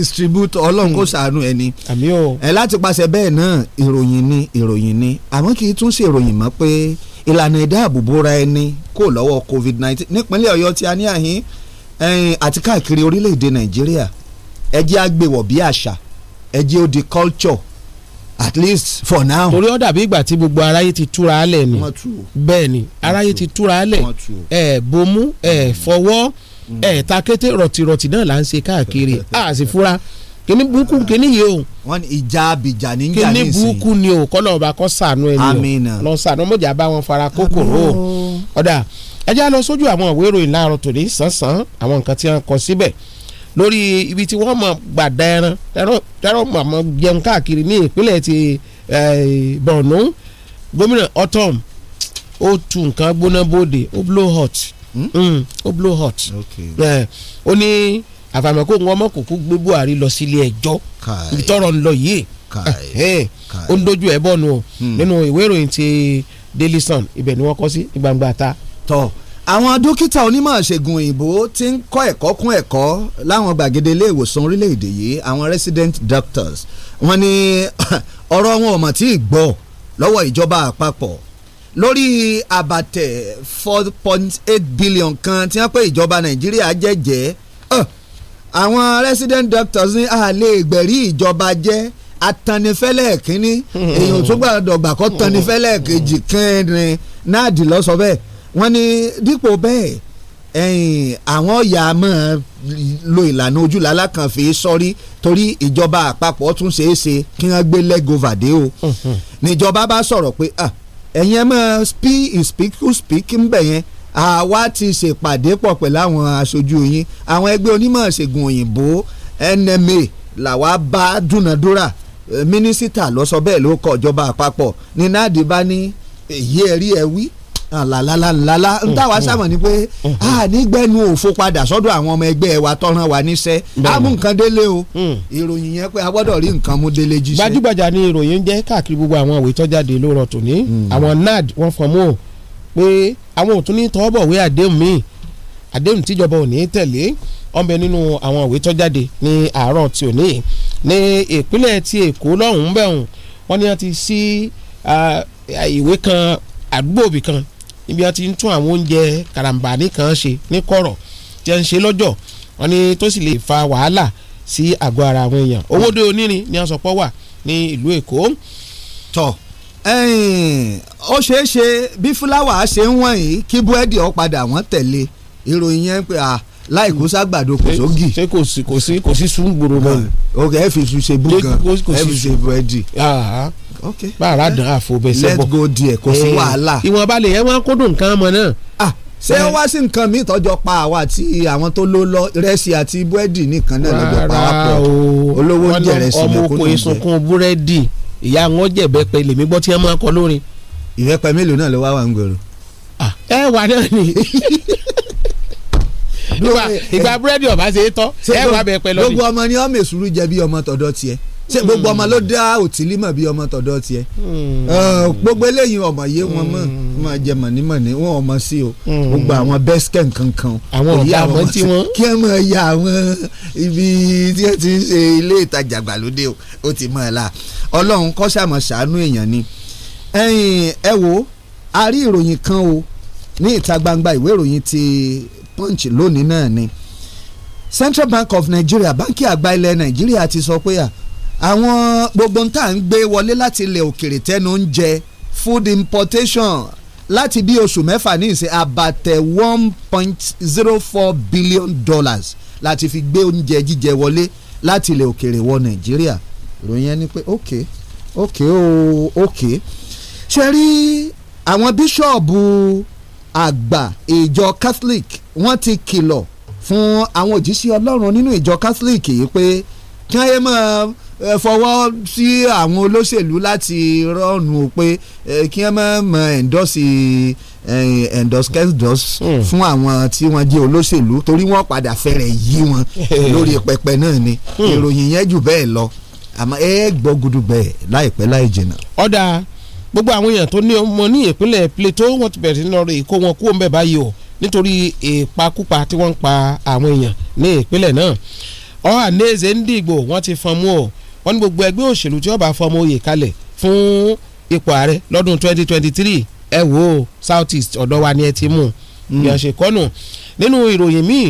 distributor ọlọ́run kò hmm. ṣàánú ẹni. àmì o. ẹ láti paṣẹ bẹ́ẹ̀ náà ìròyìn ni ìròyìn ni àmọ́ kì í tún ṣe ìròyìn mọ́ pé ìlànà ìdáàbòbò ẹni kò lọ́wọ́ covid nineteen nípínlẹ̀ ọ̀yọ́ tí a ní àhín àti káàkiri orílẹ̀-èdè nàìjíríà ẹ jẹ́ àgbèwọ̀ bí àṣà ẹ ó di culture at least for now. torí ó dàbí ìgbà tí gbogbo aráyé ti túra lẹ̀ ni bẹ́ẹ̀ ni aráyé ti túra lẹ̀ ẹ̀ bomú ẹ̀ mm. fọwọ́ mm. ẹ̀ ta kété rọ̀tìrọ̀tì náà là ń ṣe káàkiri [LAUGHS] a sì fura kíní burúkú kíní yìí o. wọ́n ní ìjà abìjà ní ìjà nísìnyí. kíní burúkú ni o kọ́lọ́ ọba kọ́ sànú ẹni o lọ sànú mọ̀jà bá wọn fara kókòrò o ọ̀dà ẹ já lọ sójú àwọn ìwé ìròyìn láàárọ̀ tòní sánsan àwọn nǹkan tí wọ́n kọ síbẹ̀ lórí ibi tí wọ́n mọ̀ gbàdá ẹran tẹ́rọ màmọ́ jẹun káàkiri ní ìpínlẹ̀ ti Borno gómìnà otom ó tu nǹkan gbóná bóde ó blow hot hmm? Hmm, ó blow hot ó ní àfàmọ́ kó wọn mọ̀kòkò gbé Buhari lọ sílé ẹjọ́ ìtọ́rọ ń lọ yìí [LAUGHS] ó ń dojú ẹ̀ bọ́ọ̀nù o hmm. nínú ìwé ìròyìn ti Daily Sun ibẹ̀ ni wọ́n kọ́ sí gbangba ta tọ́ àwọn dókítà onímọ̀ ṣègùn òyìnbó ti ń kọ́ ẹ̀kọ́ kún ẹ̀kọ́ láwọn gbàgede ilé ìwòsàn orílẹ̀-èdè yìí àwọn resident doctors wọ́n ní [COUGHS] ọ̀rọ̀ wọn ò mọ̀ tí ì gbọ́ lọ́wọ́ ìjọba àpapọ̀ lórí àbàtẹ̀ four point eight billion kan tí wọ́n pé ìjọba nàìjíríà jẹ́jẹ́ àwọn resident doctors ní a lè gbẹ̀rí ìjọba jẹ́ atanifẹ́lẹ̀ kínní [LAUGHS] èèyàn tó gbàdọ̀gbà kọ́ tanifẹ́lẹ̀ kejì kẹrin náà dì lọ́sọ̀ bẹ́ẹ̀ wọ́n ní dípò bẹ́ẹ̀ ẹ̀yìn àwọn ọ̀yà máa lo ìlànà ojúlàlá kan fi sọ́rí torí ìjọba àpapọ̀ tún ṣeé ṣe kí wọ́n gbé lẹ́gọ̀và dé o hmm. níjọba bá sọ̀rọ̀ pé ẹ̀yin ẹ̀ máa speak speak speak ń bẹ̀ yẹn àwa ti ṣèpàdé pọ̀ pẹ̀lú àwọn aṣojú yín àwọn ẹgbẹ́ onímọ̀ ṣègùn òyìnbó NMA làwa bá dúnadúrà mínísítà ló sọ bẹ́ẹ̀ ló kọ ìjọba àpapọ̀ ni nádìí bá ní èyí ẹ̀rí ẹ̀ wí Ah, làlàlàlà n táwa sábà mm, mm, ni pé mm, a nígbẹ́nu òfo padà sọ́dọ̀ àwọn ọmọ ẹgbẹ́ wa tọ́ran wa níṣẹ́ a mú nǹkan délé o ìròyìn yẹn pé a gbọ́dọ̀ rí nǹkan mú délé jíṣẹ́. gbajúgbajà ni ìròyìn ń jẹ́ káàkiri gbogbo àwọn òwe tó ló rọ tòní àwọn NAD wọ́n fọ́n mọ́ pé àwọn òtún ní tọ́wọ́bọ̀wé àdéhùn míì àdéhùn tíjọba ò ní tẹ̀lé ọmọ nínú àwọn òwe tó jáde ní àárọ̀ tí ò ní ní ìpínlẹ̀ ti Èkó lọ́hùn-ún bẹ̀hùn wọ́n ní wọ́n ti sí ah, ìwé kan àdúgbò òbí kan níbi wọn ti ń tún àwọn oúnjẹ karambani kan ṣe ní kọ̀rọ̀ tí wọ́n ń ṣe lọ́jọ́ wọn ni tó sì lè fa wàhálà sí àgọ́ ara àwọn èèyàn owó dé onírin ni wọ́n sọ pọ́ wà ní ìlú Èkó. tọ ó ṣeé ṣe bí fúláwà ṣe ń wọ̀nyí kí búrẹ́dì ọ̀ padà wọ́n tẹ̀lé ìròyìn yẹn pé à láì kó ságbàdo kò sógì. ṣé kò sí kò sí kò sí sùn gbòòrò náà. ok ẹ fi ṣe bú ẹ fi ṣe búrẹ́dì okay bàrà dàn àfo bẹ sẹ́bọ̀ let's go there kò sí eh, wàhálà. ìwọ̀n balẹ̀ yẹn wọ́n kó dùn nǹkan mọ̀ náà. ah ṣé ó wá sí nǹkan míì tọ́jọ́ pa àwa àti àwọn tó ló lọ rẹ́sì àti búrẹ́dì nìkan náà lọ́jọ́ parapọ̀ olówó ń jẹ rẹ́sì lẹ́kọ́ lóúnjẹ. ọmọ òkò ìsunkun búrẹ́dì ìyá wọn jẹ̀bẹ́ pé lèmi gbọ́ tí wọ́n máa kọ lórin. ìrẹ́pẹ mélòó náà ló wá wà ń gbèrò. ẹ wà náà ni ìgbà búrẹ́dì ọ̀bá ṣe é tọ́ ẹ wà bẹ̀ pẹ̀ lọ́ni. gbogbo ọmọ ni ọmọ èsúrú jẹ bí ọmọ tọ̀dọ̀ tiẹ̀ ṣé gbogbo hmm. ọmọ ló dá òtílí mọ̀ bí ọmọ tọ̀dọ̀ tiẹ̀ hmm. gbogbo eléyìí ọmọ yé wọn mọ̀ máa hmm. jẹ mọ̀nímọ̀ní wọn ọmọ sí o gbogbo àwọn bẹ́sikẹ̀ nkankan àwọn ọ̀gá àwọn tí wọ́n kí ẹ máa ya àwọn ibi tí ẹ ti ń ṣe ilé ìtajà gbàlódé o ó ti mọ̀ ẹ́ la ọlọ́run kọ́ sàmọ̀ sàánú èèyàn ni ẹ wo a rí ìròyìn kan o ní ìta gbangba ìwé ìròyìn ti punch lónìí náà ni Central Bank of Nigeria báńkì àgbà ilẹ̀ Nàìjíríà ti sọ pé à àwọn gbogbo tá à ń gbé wọlé láti ilẹ̀ òkèrè tẹ́nu ń jẹ food importation láti bí oṣù mẹ́fà ní ìsìn àbàtẹ̀ one point zero four billion dollars láti fi gbé oúnjẹ jíjẹ wọlé láti ilẹ̀ òkèrè wọ nàìjíríà ìròyìn ẹni pé ok ok ooo ok ṣe rí àwọn bíṣọ̀bù àgbà ìjọ catholic wọ́n ti kìlọ̀ fún àwọn òjíṣẹ́ ọlọ́run nínú ìjọ catholic yìí pé kí wọ́n yé máa fọwọ́ sí àwọn olóṣèlú láti rọ́ọ̀nù pé kí wọ́n mọ̀ ẹ̀ńdọ́sì endoskendos hmm. fún àwọn tí wọ́n jẹ́ olóṣèlú torí wọ́n padà fẹ́rẹ̀ yí wọn [LAUGHS] lórí pẹpẹ náà ni hmm. ìròyìn yẹn jù bẹ́ẹ̀ lọ àmọ́ ẹ gbọ́ gudugbẹ̀ láìpẹ́ láì jìnnà. ọ̀dà gbogbo àwọn èèyàn tó ní ọmọ ní ìpínlẹ̀ Plateau wọ́n ti bẹ̀rẹ̀ sí lọ́ọ́ ìkó wọn kú ọmọ ẹ̀ báyìí o nítorí ìpakúpa tí wọ́n ń pa àwọn èèyàn ní ìpínlẹ̀ náà ọ̀hánẹ́sẹ̀ ń dìgbò wọ́n ti fọn mú o wọ́n ní gbogbo ẹgbẹ́ òṣèlú tí ó bá fọmọ oyè kalẹ̀ fún ipò ààrẹ lọ́dún 2023 ẹ wò ó south east ọ̀dọ̀ wa ni ẹ ti mú bí wọ́n ṣe kọ́nù nínú ìròyìn míì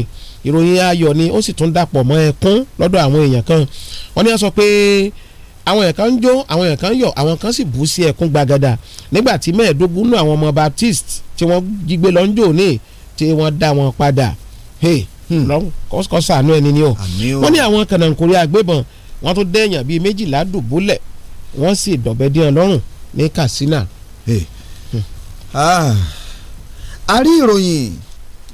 ìròyìn ayọ̀ ni ó sì tún dàpọ̀ mọ́ ẹkún lọ́dọ̀ àwọn èèyàn kan wọ́n ní wọ́n sọ pé àwọn èèyàn kan ń jó àwọn èèyàn kan ń yọ̀ àwọn kan sì bú sí ẹkún gbagada nígbà tí mẹ́ẹ̀ẹ́dógún nù àwọn ọmọ baptist tí wọ́n jí gbé lọ ń jò ní tí wọ́n dá wọn padà hey hmm, lọ́n kọ́sàánú ẹni ni o wọ́n ní àwọn kànáńkùnrin agbébọn wọ́n tún dẹ́yàn bíi méjìlá dùbúlẹ̀ wọ́n sì dọ̀bẹ díẹ̀ lọ́rùn ní Katsina. Hmm. Ah. a rí ìròyìn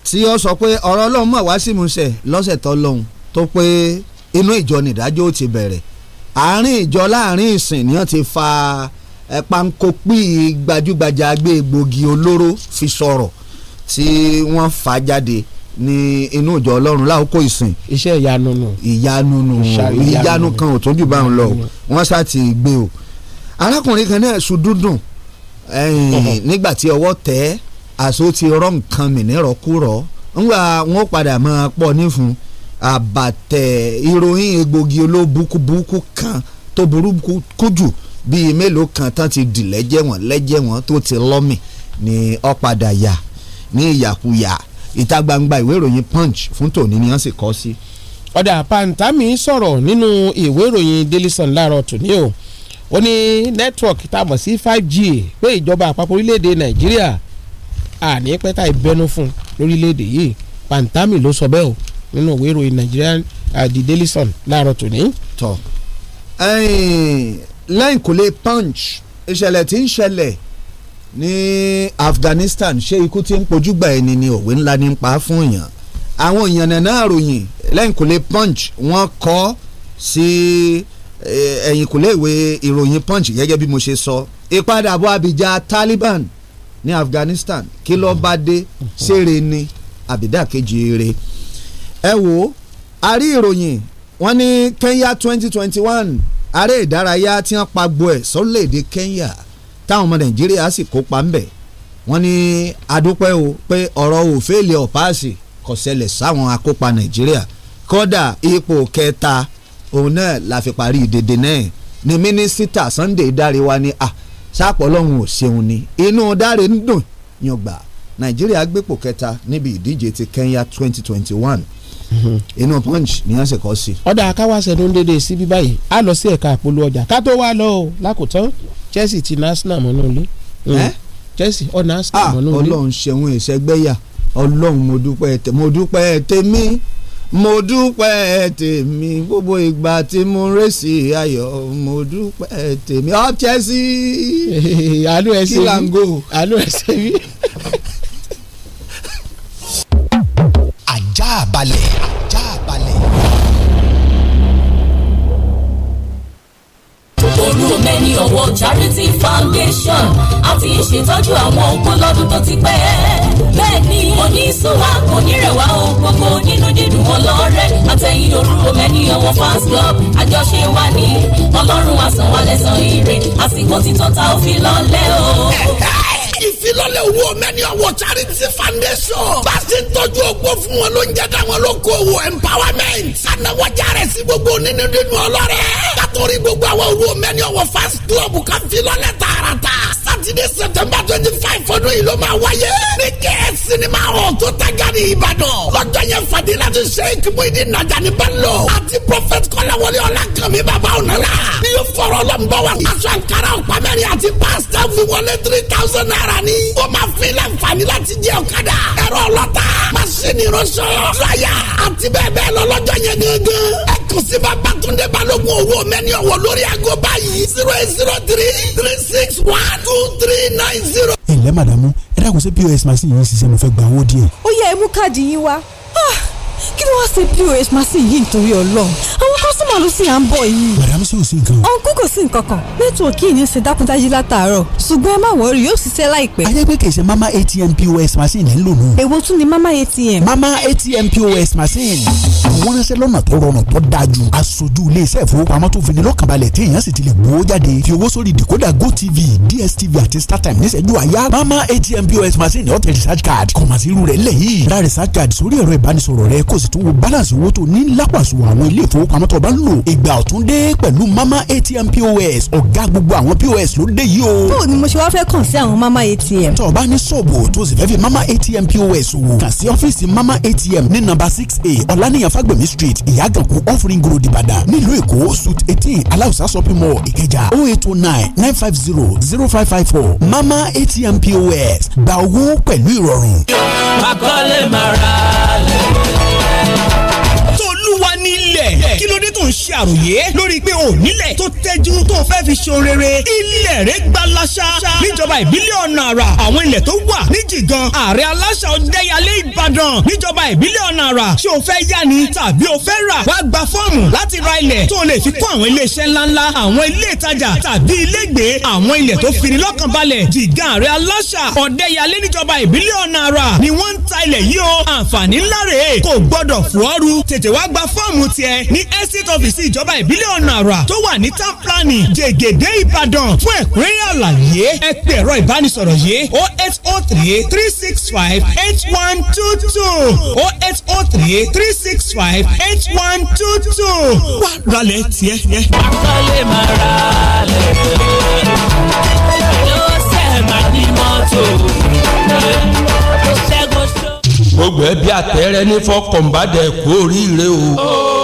tí ó sọ pé ọ̀rọ̀ ọlọ́run mọ̀ wá sí ìmúṣẹ lọ́sẹ̀ tó lọ́hùn tó pé inú ìjọ nìdájọ́ ó ti bẹ̀rẹ̀ àárín ìjọ láàrin ìsìn ni wọ́n ti fa pankopí gbajúgbajà agbé egbògi olóró fi sọ̀rọ̀ tí wọ́n fà jáde ni inú ìjọ ọlọ́run láòkó ìsìn. iṣẹ́ ìyanu nù. ìyanu nù ìyanu kan ò tójú bá ń lọ wọ́n ṣáà ti gbé o. arákùnrin kan náà ṣùdúndùn [LAUGHS] nígbà tí ọwọ́ tẹ́ àṣọ ti rọ́ nǹkan mìíràn kúrọ̀ ńgbà wọn padà máa pọ̀ nífun àbàtẹ̀ ìròyìn egbògi olóbukúbukú kan tó burú kújù bíi mélòó kan tán ti dì lẹ́jẹ̀ wọ́n tó ti lọ́mì ni ó padà yà ní ìyàkuyà ìta gbangba ìwé ìròyìn punch fún tòní ni wọ́n sì kọ́ sí. ọ̀dà pàǹtámì sọ̀rọ̀ nínú ìwé ìròyìn daily sun láàárọ̀ tòní o ó ní nẹ́tíwọ̀kì tá sí five g pé ìjọba àpapọ̀ orílẹ̀-èdè nàìjíríà àní pẹ́tà ìbẹ́nu fún lórílẹ̀-èdè yìí pàǹtámì ló sọ bẹ́ẹ̀ o nínú ìwé ìròyìn nàìjíríà the daily sun láàárọ̀ tòní. tọ́ lẹ́yìn kò lè punch ìṣẹ̀lẹ̀ tí ń ṣẹlẹ̀ ní Afghanistan ṣé ikú tí ń pojú gbà ẹni ni òwe ńlá ní pa fún èèyàn àwọn èèyàn náà ròyìn lẹ́yìnkùlé punch wọ́n kọ sí ẹ̀yìnkùlé ìwé ìròyìn punch gẹ́gẹ́ bí mo ṣe sọ ìpadàbọ̀ abidjan Taliban ní Afghanistan kí ló bá dé ṣeré ni àbídà kejì rẹ̀ ẹ wo a rí ìròyìn wọ́n ní Kenya twenty twenty one aré ìdárayá tí wọ́n pa gbo ẹ̀ sọ́lẹ̀dẹ̀ Kenya táwọn ọmọ nàìjíríà sì kópa ńbẹ wọ́n ní adúpẹ́ o pé ọ̀rọ̀ òféèlè ọ̀páàsì kò ṣẹlẹ̀ sáwọn akópa nàìjíríà kódà ipò kẹta òun náà la fi parí dèdè náà ni mínísítà Sunday dáre wa ni ah sápọ̀ lọ́hùn ò ṣeun ni inú dáre ń dùn yan gbà nàìjíríà gbépò kẹta níbi ìdíje ti Kenya twenty twenty one inú punch ni wọ́n sì kọ́ sí. ọ̀dà akáwá ṣẹ̀dún dédé síbí báyìí a lọ sí ẹ̀ka àpolú ọjà ká tó wá lọ o lákòótán. Chelsea ti na Arsenal mọ́nú ilé hmm. Chelsea ọ̀nà Arsenal ah, mọ́nú ilé. Ọlọ́run ṣeun ìṣẹ́gbẹ́yà Ọlọ́run mo dúpẹ́ tẹ mo dúpẹ́ tèmi mo dúpẹ́ tèmi gbogbo ìgbà tí mo ń rèsì ayọ̀ mo dúpẹ́ tèmi ọ ah, Chelsea [LAUGHS] àánú ẹ ṣe mí ajá balẹ̀. Many ní ọ̀wọ̀ charity foundation a ti ń ṣètọ́jú àwọn opó lọ́dún tó ti pẹ́. bẹ́ẹ̀ ni kò ní súnwá kò ní rẹwà o gbogbo nínú dídùn ọlọ́rẹ́ àtẹ̀yìn òru omẹ́ni ọ̀wọ̀ fans club àjọṣe wa ní ọlọ́run àsànwálẹ̀ sàn ire àsìkò títọ́ta ó fi lọ́lẹ́ o ìfilọ́lẹ̀ owó mẹ́ni ọwọ́ charity foundation bá a ṣe tọ́jú ogbó fún wọn ló ń jẹ́ dáwọn olóko empowerment sanáwọ́jà rẹ̀ sí gbogbo nínú nínú ọlọ́rẹ́ kátó rí gbogbo àwọn owó mẹ́ni ọwọ́ fast club ká filọ́lẹ̀ tààràtà sátidé sẹtẹmbà twenty five ọdún yìí ló máa wáyé. ní kẹ́ sinimá hàn tó tajà ní ìbàdàn. lọ́jọ́ yẹn fadila ti sheik muhidi najani bello. àti prophet kọ́láwọlé ọlákànmí bàbá ọ̀nà la. ní yóò fọ̀rọ̀ lọ́nbọ̀ wa. aṣọ àǹkárá ọ̀pámẹ́rin àti pásítọ̀ fi wọlé three thousand naira ni. ó máa fi láǹfààní láti jẹ ọ̀kadà. ẹ̀rọ ọlọ́ta. máṣíìnì rọṣọ. fúláyà àti bẹ́ẹ̀ àtúnṣíbá bàtúndé balógun owó mẹ́ni ọ̀wọ̀ lórí aago báyìí zero eight zero three three six one two three nine zero. ẹ ǹlẹ́ màdàmú ẹ dákun sí pọ́s machine yìí ṣiṣẹ́ mo fẹ́ gba owó díẹ̀. ó yẹ ẹ mú káàdì yín wá. Ah! kí ló wá ṣe pos machine yìí nítorí Ọlọ́run àwọn kọ́sọ́mà ló sì à ń bọ̀ yìí. madam ṣé o sí nǹkan. ọ̀nkú kò sí nǹkan kan nẹ́tíwọ̀kì yìí ní ṣe dákúndájí látàárọ̀ ṣùgbọ́n ẹ má wọrí yóò ṣiṣẹ́ láìpẹ́. ajẹ́ pé kì í ṣe mama atm pos machine ń lò nù. èwo tún ni mama atm. mama atm pos machine. wọ́n ránṣẹ́ lọ́nà tó rọrùn tó dájú. aṣojú iléeṣẹ́ ìfowópamọ́ tó fini lọ́kànbalẹ̀ tí èèyàn sì ti lè gbowó jáde fi owó sórí decoder gotv dstv àti startime níṣẹ́jú àyà mama atm pos machine ọ̀tẹ̀ research card kọ̀mọ̀sí irú rẹ̀ lẹ́yìn ra research card sórí ẹ̀rọ ìbánisọ̀rọ̀ rẹ kò sì tún wo balance owó tó ní lápàṣù àwọn ilé ìfowópamọ́ tó bá ń lò ìgbà ọ̀tún dé pẹ̀lú mama atm pos ọ̀gá gbogbo àwọn pos ló dé yìí o. bó o ni mo ṣe wá fẹ́ kàn sí àwọn mama atm. tó o bá ní ṣọ́ọ̀bù tó sì fẹ́ fi mama atm pos wò kàn sí ọ́fíìsì mama atm ní nàmbà six a ọ̀lànìyàn fagbemi street ìyàgànkù offering road ìbàdàn nílùú èkó suit eighteen aláùsá shopping mall ìkẹjà o oh eight o oh nine nine five zero zero five five four mama atm pos gba owó pẹ̀lú ìrọ̀rùn. bàbá lè You kí ló dé ń ṣe àròyé lórí pé onílẹ̀ tó tẹ́jú tó fẹ́ fi ṣe orere ilẹ̀ rẹ̀ gba láṣá níjọba ìbílẹ̀ ọ̀nà àrà àwọn ilẹ̀ tó wà ní jìgan ààrẹ aláṣà ọ̀dẹ́yàlé ìbàdàn níjọba ìbílẹ̀ ọ̀nà àrà ṣé o fẹ́ yá ni tàbí o fẹ́ rà wá gba fọ́ọ̀mù láti ra ilẹ̀ tó lè fi kọ́ àwọn iléeṣẹ́ ńláńlá àwọn ilé ìtajà tàbí ilégbèé àwọn ilẹ̀ tó fini lọ́kàn balẹ̀ jìgan ààrẹ aláṣà ọ̀dẹ́yàlé níjọba ìbílẹ̀ ọ̀nà àrà ni wọ́n ń ta ilẹ̀ yìí o ọ́fíìsì ìjọba ìbílẹ̀ ọ̀nà àrà tó wà ní town planning jẹ̀gẹ̀dẹ̀ ìbàdàn fún ẹ̀kúnrẹ́rẹ́ àlàyé ẹ ẹ̀rọ ìbánisọ̀rọ̀ yìí o oh eight o oh three three six five eight one two two o oh eight o three three six five eight one two two wà rálẹ̀ tiẹ̀. àtọ́lé máa ra lẹ̀ ló ṣẹ̀ máa ní mọ́tò ṣẹ́gun. gbogbo ẹbí àtẹ̀rẹ́ ní fọkànbádẹ́ kú oríire o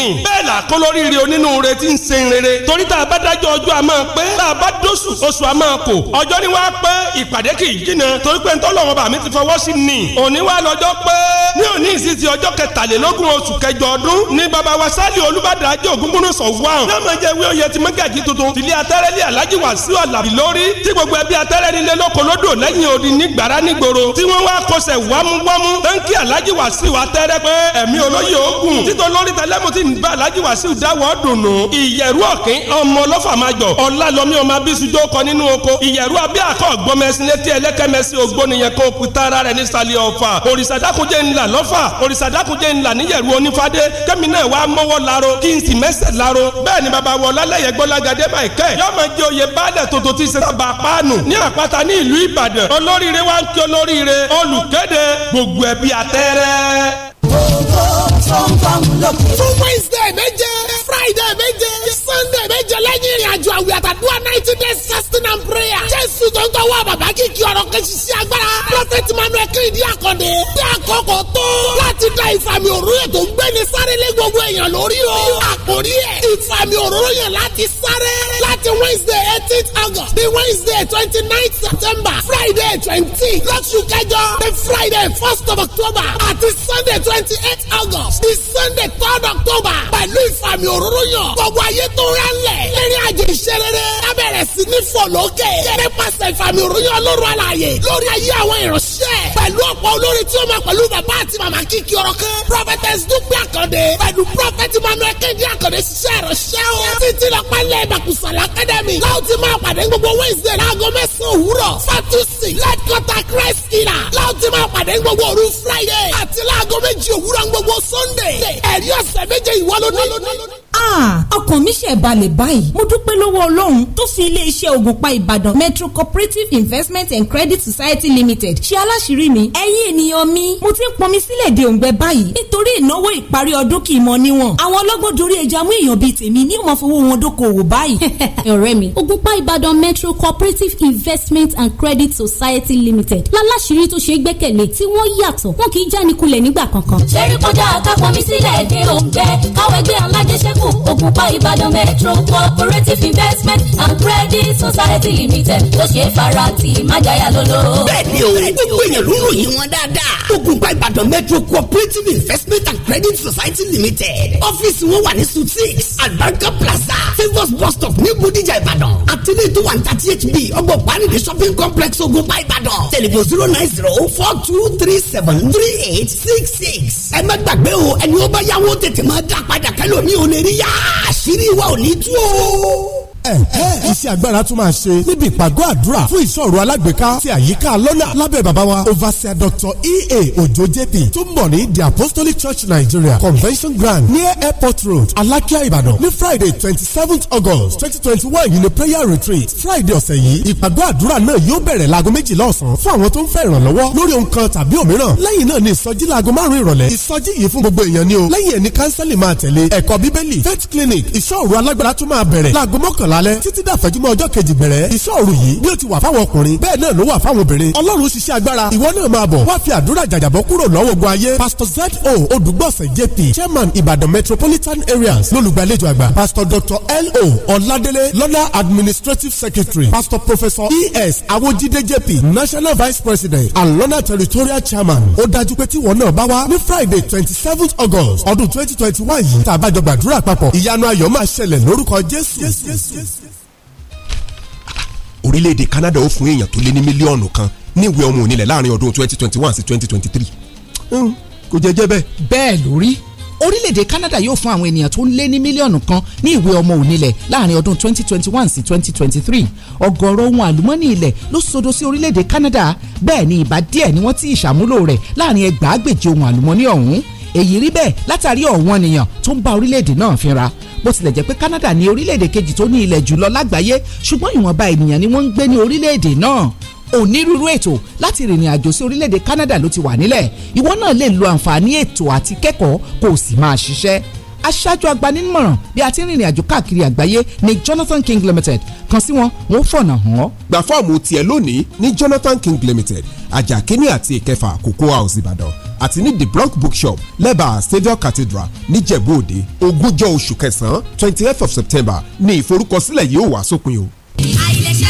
bẹ́ẹ̀ ni bẹ́ẹ̀ làkólóríire onínúure ti ń ṣe rere torí tá a bá dájọ́ ọjọ́ a máa pé bá a bá dóṣù oṣù a máa kò ọjọ́ ni wàá pé ìpàdé kì í jìnnà torí pé ntọ́lọ́wọ́n bàmí ti fọwọ́ sí ni òní wàá lọ́jọ́ pé ní òní ìsìsì ọjọ́ kẹtàlélógún oṣù kẹjọ ọdún ní baba wa sálì olùbàdàjẹ́ ògúngúnú sọ̀wọ́n náà máa jẹ́ wíwọ́n yẹ ti mọ́gàjì tuntun tìlẹ̀ atẹ́rẹ́lẹ́ alájí Wàsíù Àlàbí lórí tí gbogbo ẹbí atẹ́rẹ́ nílé lóko lódò lẹ́yìn odi nígbàrá nígboro tí wọ́n wá kọsẹ̀ wámúwámú tẹ́ńkì alájí Wàsíù atẹ́rẹ́ pé ẹ̀mí olóyè ogun títọ́ lórí tẹlẹ́mù ti ń bá alájí Wàsíù dáwọ́ fàmájọ ọlálọmí ọmọ abisujọ kọ nínú oko ìyẹ̀rú abẹ́ àkọ́ gbọmẹsí létí ẹlẹ́kẹ́mẹsí ògbóniyàn kó òkúta ara rẹ̀ nísàlẹ̀ ọ̀fà òrìṣàdákùnjẹ́ ńlá lọ́fà òrìṣàdákùnjẹ́ ńlá níyẹ̀rú onífádé kẹ́mi náà wàá mọ́wọ́ laro kí n sì mẹ́sẹ̀ laro bẹ́ẹ̀ ni bàbá wọ lálẹ́yẹ gbọ́lágadé bàìkẹ́ yóò máa jẹ oyè baálẹ̀ tuntun ti sira bá páànù ní àpáta ní ìlú Ìbàdàn olóríire wa ń kí olóríire olùkéde gbogbo ẹbí àtẹ́rẹ́ ògo tó wednesday méje friday méje sunday méje lẹ́yìn ìrìn àjò àwìn àtàdúrà ninety days fasting and prayer. jésù tó ń tọwọ́ bàbá kìkì ọ̀rọ̀ kẹ́sì sí agbára. prophet manuel kéde akọ́dé bí àkókò tó láti da ìfàmì òróró tó ń gbéni sáré lé gbogbo èèyàn lórí o. àkórí ẹ̀ ìfàmì òróró yẹn láti sáré láti wednesday eighteen august di wednesday twenty nine september friday twenty lọ́sùn kẹjọ di friday first of october àti sunday twenty twenty eight august ní sunday third october pẹ̀lú ìfàmì òróró yàn gbogbo ayé tó rẹ̀ ń lẹ̀ lẹ́rìn àjò ìṣerere lábẹ̀rẹ̀ sí ní fọlọ́kẹ́ nípasẹ̀ ìfàmì òróró yàn lóru àlàyé lórí ayé àwọn ìránṣẹ́ pẹ̀lú ọ̀pọ̀ olórin tí ó máa pẹ̀lú bàbá àti màmá kíkì ọ̀rọ̀ kan prophetess dúpẹ́ àkàndé pẹ̀lú prophet manuel kéde àkàndé ṣiṣẹ́ ìránṣẹ́ o títí lọ́pẹ́ lẹ́ ìbàkùsàlẹ̀ academy láwùjọ máa pàdé gbogbo wednesday láago mẹ́sàn-án òwúrọ̀ fatusi lẹ́dkọ́tà christ kìlà láwùjọ máa pàdé gbogbo òru friday àti láago méjì òwúrọ̀ ń gbogbo Sunday ẹ̀rí ọ̀sẹ̀ méje ìwọ́lódé. Ah, ọkàn mi ṣe balẹ̀ báyìí mo dúpẹ́ lọ́wọ́ ọlọ́run tó fi iléeṣẹ́ ògùnpa ìbàdàn metro cooperative investment and credit society limited ṣe aláṣírí mi ẹ̀yin ènìyàn mi mo ti ń pọnmi sílẹ̀ de òǹgbẹ báyìí nítorí ìnáwó ìparí ọdún kì í mọ níwọ̀n àwọn ọlọ́gbọ́n dorí ẹja mú èèyàn bíi tèmi ní ìmọ̀ fowó wọn dókòwò báyìí. [LAUGHS] ọ̀rẹ́ mi ògùnpa ìbàdàn metro cooperative investment and credit society limited láláṣírí tó ṣe gbẹ́kẹ̀lé tí wọ́n yàtọ̀ wọn kì í jánikulẹ̀ nígbà kankan. ṣe rí kọjá àkàpọ̀ mi sílẹ̀ àkókò ògùnpá ìbàdàn metro cooperative investment and credit society limited tó ṣe é fara ti májàyà lọ́lọ́. bẹ́ẹ̀ni o gbogbo èèyàn ló ròyìn wọn dáadáa ògùnpá ìbàdàn metro cooperative investment and credit society limited ọ́fíìsì wọn wà ní suite six albarka plaza favours bus stop ní bodijà ìbàdàn àtẹlẹ tó two ní thirty eight b ọgbọ̀n panidi shopping complex ògùnpá ìbàdàn Telephone zero nine zero four two three seven three eight six six ẹ má gbàgbé o ẹni ó bá yáwó tètè máa dá padà kẹ́lò ní òní rí àṣírí wa ò ní tú o iṣẹ́ agbára tún máa ṣe níbi ìpàgọ́ àdúrà fún ìṣòro alágbèéká ti àyíká lọ́nà lábẹ́ bàbá wa overseer dr ea ojo jp tó ń bọ̀ ní the apostolic church nigeria convention ground near airport road alákíá ìbàdàn ní friday twenty seventh august twenty twenty one yìí ni prayer retreat friday ọ̀sẹ̀ yìí ìpàgọ́ àdúrà náà yóò bẹ̀rẹ̀ laago méjìlá ọ̀sán fún àwọn tó ń fẹ́ ìrànlọ́wọ́ lórí ohun kan tàbí òmíràn lẹ́yìn náà ni ìsọjí laago márùn-ún ìrọ̀lẹ́ ìsọjí yìí fún gbogbo èèyàn ni o lẹ́yìn ẹ̀ ní kánsẹ́lì máa tẹ̀lé ẹ̀kọ́ bíbélì faith clinic ìṣọ́ òru alágbára tún máa bẹ̀rẹ̀ laago mọ́kànlá lálẹ́ títí dàfẹ́júmọ́ ọjọ́ kejì bẹ̀rẹ̀ ìṣọ́ òru yìí bí ó ti wà fáwọn ọkùnrin bẹ́ẹ̀ náà ló wà fáwọn obìnrin ọlọ́run ṣiṣẹ́ agbára ìwọ náà máa bọ̀ wá fi àdúrà jàjàbọ́ kúrò lọ́wọ́ ogun ayé pastor Z O odùgbọ̀sẹ̀ jp chairman ìbàdàn metropolitan areas lólùgbàlejò àgbà pastor dr O ọ̀ládélé lọ́lá administrative secretary pastor professor es awojide jp national vice president and lọ́nà territorial chairman ó dájú pé tíwọ náà bá wá ní friday twenty seventh august ọdún twenty twenty one yìí tàbájọ gbàdúrà papọ̀ ìyanu ayọ̀ máa ṣẹlẹ̀ lórúkọ jésù orílẹ̀-èdè Canada ó fún èèyàn tó lé ní mílíọ̀nù kan ní ìwé ọmọ onílẹ̀ láàrin ọdún twenty twenty one sí twenty twenty three hmm, kò jẹjẹ bẹ́ẹ̀. bẹ́ẹ̀ lórí orílẹ̀-èdè Canada yóò fún àwọn ènìyàn tó lé ní mílíọ̀nù kan ní ìwé ọmọ onílẹ̀ láàrin ọdún 2021 sí 2023 ọ̀gọ̀ọ̀rọ̀ ohun àlùmọ́ọ́nì ilẹ̀ ló sodo sí orílẹ̀-èdè Canada bẹ́ẹ̀ ni ìbá díẹ̀ ni wọ́n ti ìṣàmúlò rẹ̀ láàrin ẹgbàágbèje ohun àlùmọ́ọ́nì ọ̀hún èyí rí bẹ́ẹ̀ látàrí ọ̀wọ́n ènìyàn tó ń bá orílẹ̀-èdè náà fínra bó tilẹ̀ jẹ́ pé Canada ni orílẹ̀-èdè kejì tó ní ilẹ̀ jùlọ lágbàáyé ṣùgbọ́n ìwọ̀nba ènìyàn ni wọ́n ń gbé ní orílẹ̀-èdè náà onírúurú ètò láti rìnrìn àjò sí orílẹ̀-èdè Canada ló ti wà nílẹ̀ ìwọ náà lè lo àǹfààní ètò àti kẹ́kọ̀ọ́ kó o sì máa ṣiṣẹ́ aṣáájú agbanímọ̀ràn bí a ti ń rìnrìn àjò káàkiri àgbáyé ní Jonathan King Limited kan sí wọn wọn fọ̀nà hàn án. gbà fọ́ọ̀mù tiẹ̀ lónìí ní Jonathan King Limited ajakini àti ìkẹfà Cocoa House Ìbàdàn àti ní the bronc bookshop lẹ́bàá saviour cathedral níjẹ̀bú òde ogúnjọ́ oṣù kẹsàn-án twenty eight of september ni ìforúkọsílẹ̀ yìí ó wà sópin o. àìlèṣẹ́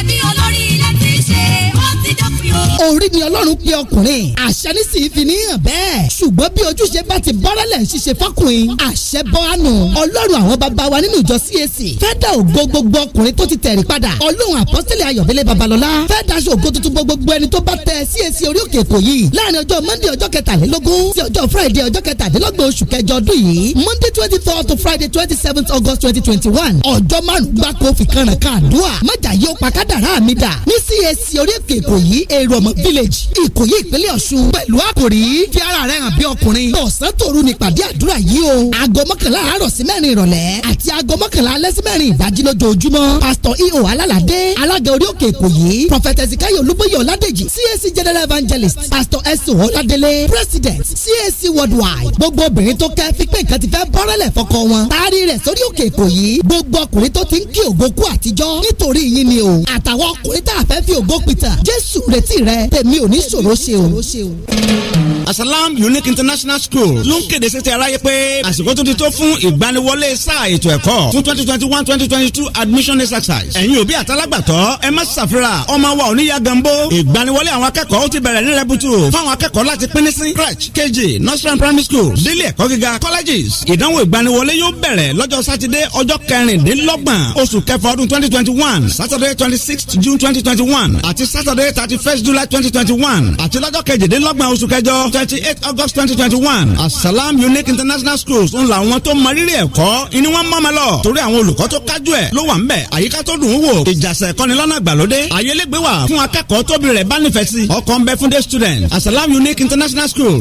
orí ni ọlọ́run pé ọkùnrin àṣẹ nísìnyí fi níyàn bẹ́ẹ̀ ṣùgbọ́n bí ojúṣe bá ti bọ́rẹ́lẹ̀ ṣiṣẹ́ fọkùnrin àṣẹ bọ́ àánú ọlọ́run àwọn bàbá wa nínú ìjọ CAC fẹ́ dá ògo gbogbo ọkùnrin tó ti tẹ̀rí padà ọlọ́run àpọ́sítélì ayọ̀bẹ́lẹ̀ babalọ́lá fẹ́ daṣọ ògo tuntun gbogbo ẹni tó bá tẹ CAC orí òkè èkó yìí láàrin ọjọ́ monday ọjọ́ kẹtàlélógún sí ọjọ́ friday ọjọ́ kẹtàdínlọ́gbọ̀n oṣù kẹjọ ọdún yìí monday twenty four to friday twenty seven august twenty twenty one ọjọ́ márùn-ún gbáko fìkanràn kan àdúrà májà yóò pa kádàrá mi dà ní CAC orí òkè èkó yìí èrò ọmọ Àmọ́ village Ìkòyí ìpínlẹ̀ Ọ̀ṣun pẹ̀lú àkòrí fi ara rẹ̀ hàn bí ọkùnrin ọ̀sán tòru nípàdé àdúrà yìí o aago mọ́kànlá àárọ̀ sí mẹ́rin ìrọ̀lẹ́ àti aago mọ́kànlá alẹ́ sí mẹ́rin ìdájí lójoojúmọ́ pásítọ̀ E.O. Alálàdé alága orí òkè Ìkòyí prọfẹ̀tẹ̀ Zikayo Olúbóyè Ọládèjì CAC general evangelist Pastor S.O. Ọládélé president CAC worldwide gbogbo obìnrin tó kẹ́ fi pé nǹkan ti fẹ́ bọ́rẹ́lẹ̀ fọkọ wọn taari rẹ̀ sórí òkè Ìkòyí gbogbo ọkùnrin tó ti ń kí ògo o àtàwọn ọkùnrin tá rẹ tèmi ò ní ṣòro ṣe o. Asalam Unique International School ló ń kéde sétí aráyé pé àsìkò tó ti tó fún ìgbaniwọlé sáà ètò ẹ̀kọ́ fún twenty twenty one twenty twenty two admission exercise. ẹ̀yin òbí àtàlágbàtọ́ ẹ má ṣàfira ọmọ wa ò ní ya gambo. ìgbaniwọlé àwọn akẹ́kọ̀ọ́ ó ti bẹ̀rẹ̀ ní rẹ́bùtù fáwọn akẹ́kọ̀ọ́ láti pín ní sí crèche kg nursery primary school délé ẹ̀kọ́ gíga colleges. ìdánwò ìgbaniwọlé yóò bẹ̀rẹ̀ lọ́jọ́ sátidé ọjọ́ kẹrìndínlọ́gbọ̀n oṣù kẹfà ọdún twenty twenty one saturday twenty sixth june twenty twenty one àti saturday thirty first july twenty twenty one àti lọ́jọ́ kejìdínlọ́gbọ̀n oṣù kẹjọ twenty eight august twenty twenty one asalam unique international schools ń la àwọn tó mọrírì ẹ̀kọ́ ni wọ́n mọ̀mọ́ lọ torí àwọn olùkọ́ tó kájú ẹ̀ ló wà ń bẹ̀ àyíká tó dùn ún wò ìjàsẹ̀ kọ́nilọ́nà gbàlódé ayélégbé wà fún akẹ́kọ̀ọ́ tóbi rẹ̀ bá nífẹ̀ẹ́ sí ọkọ̀ ń bẹ student asalam unique international school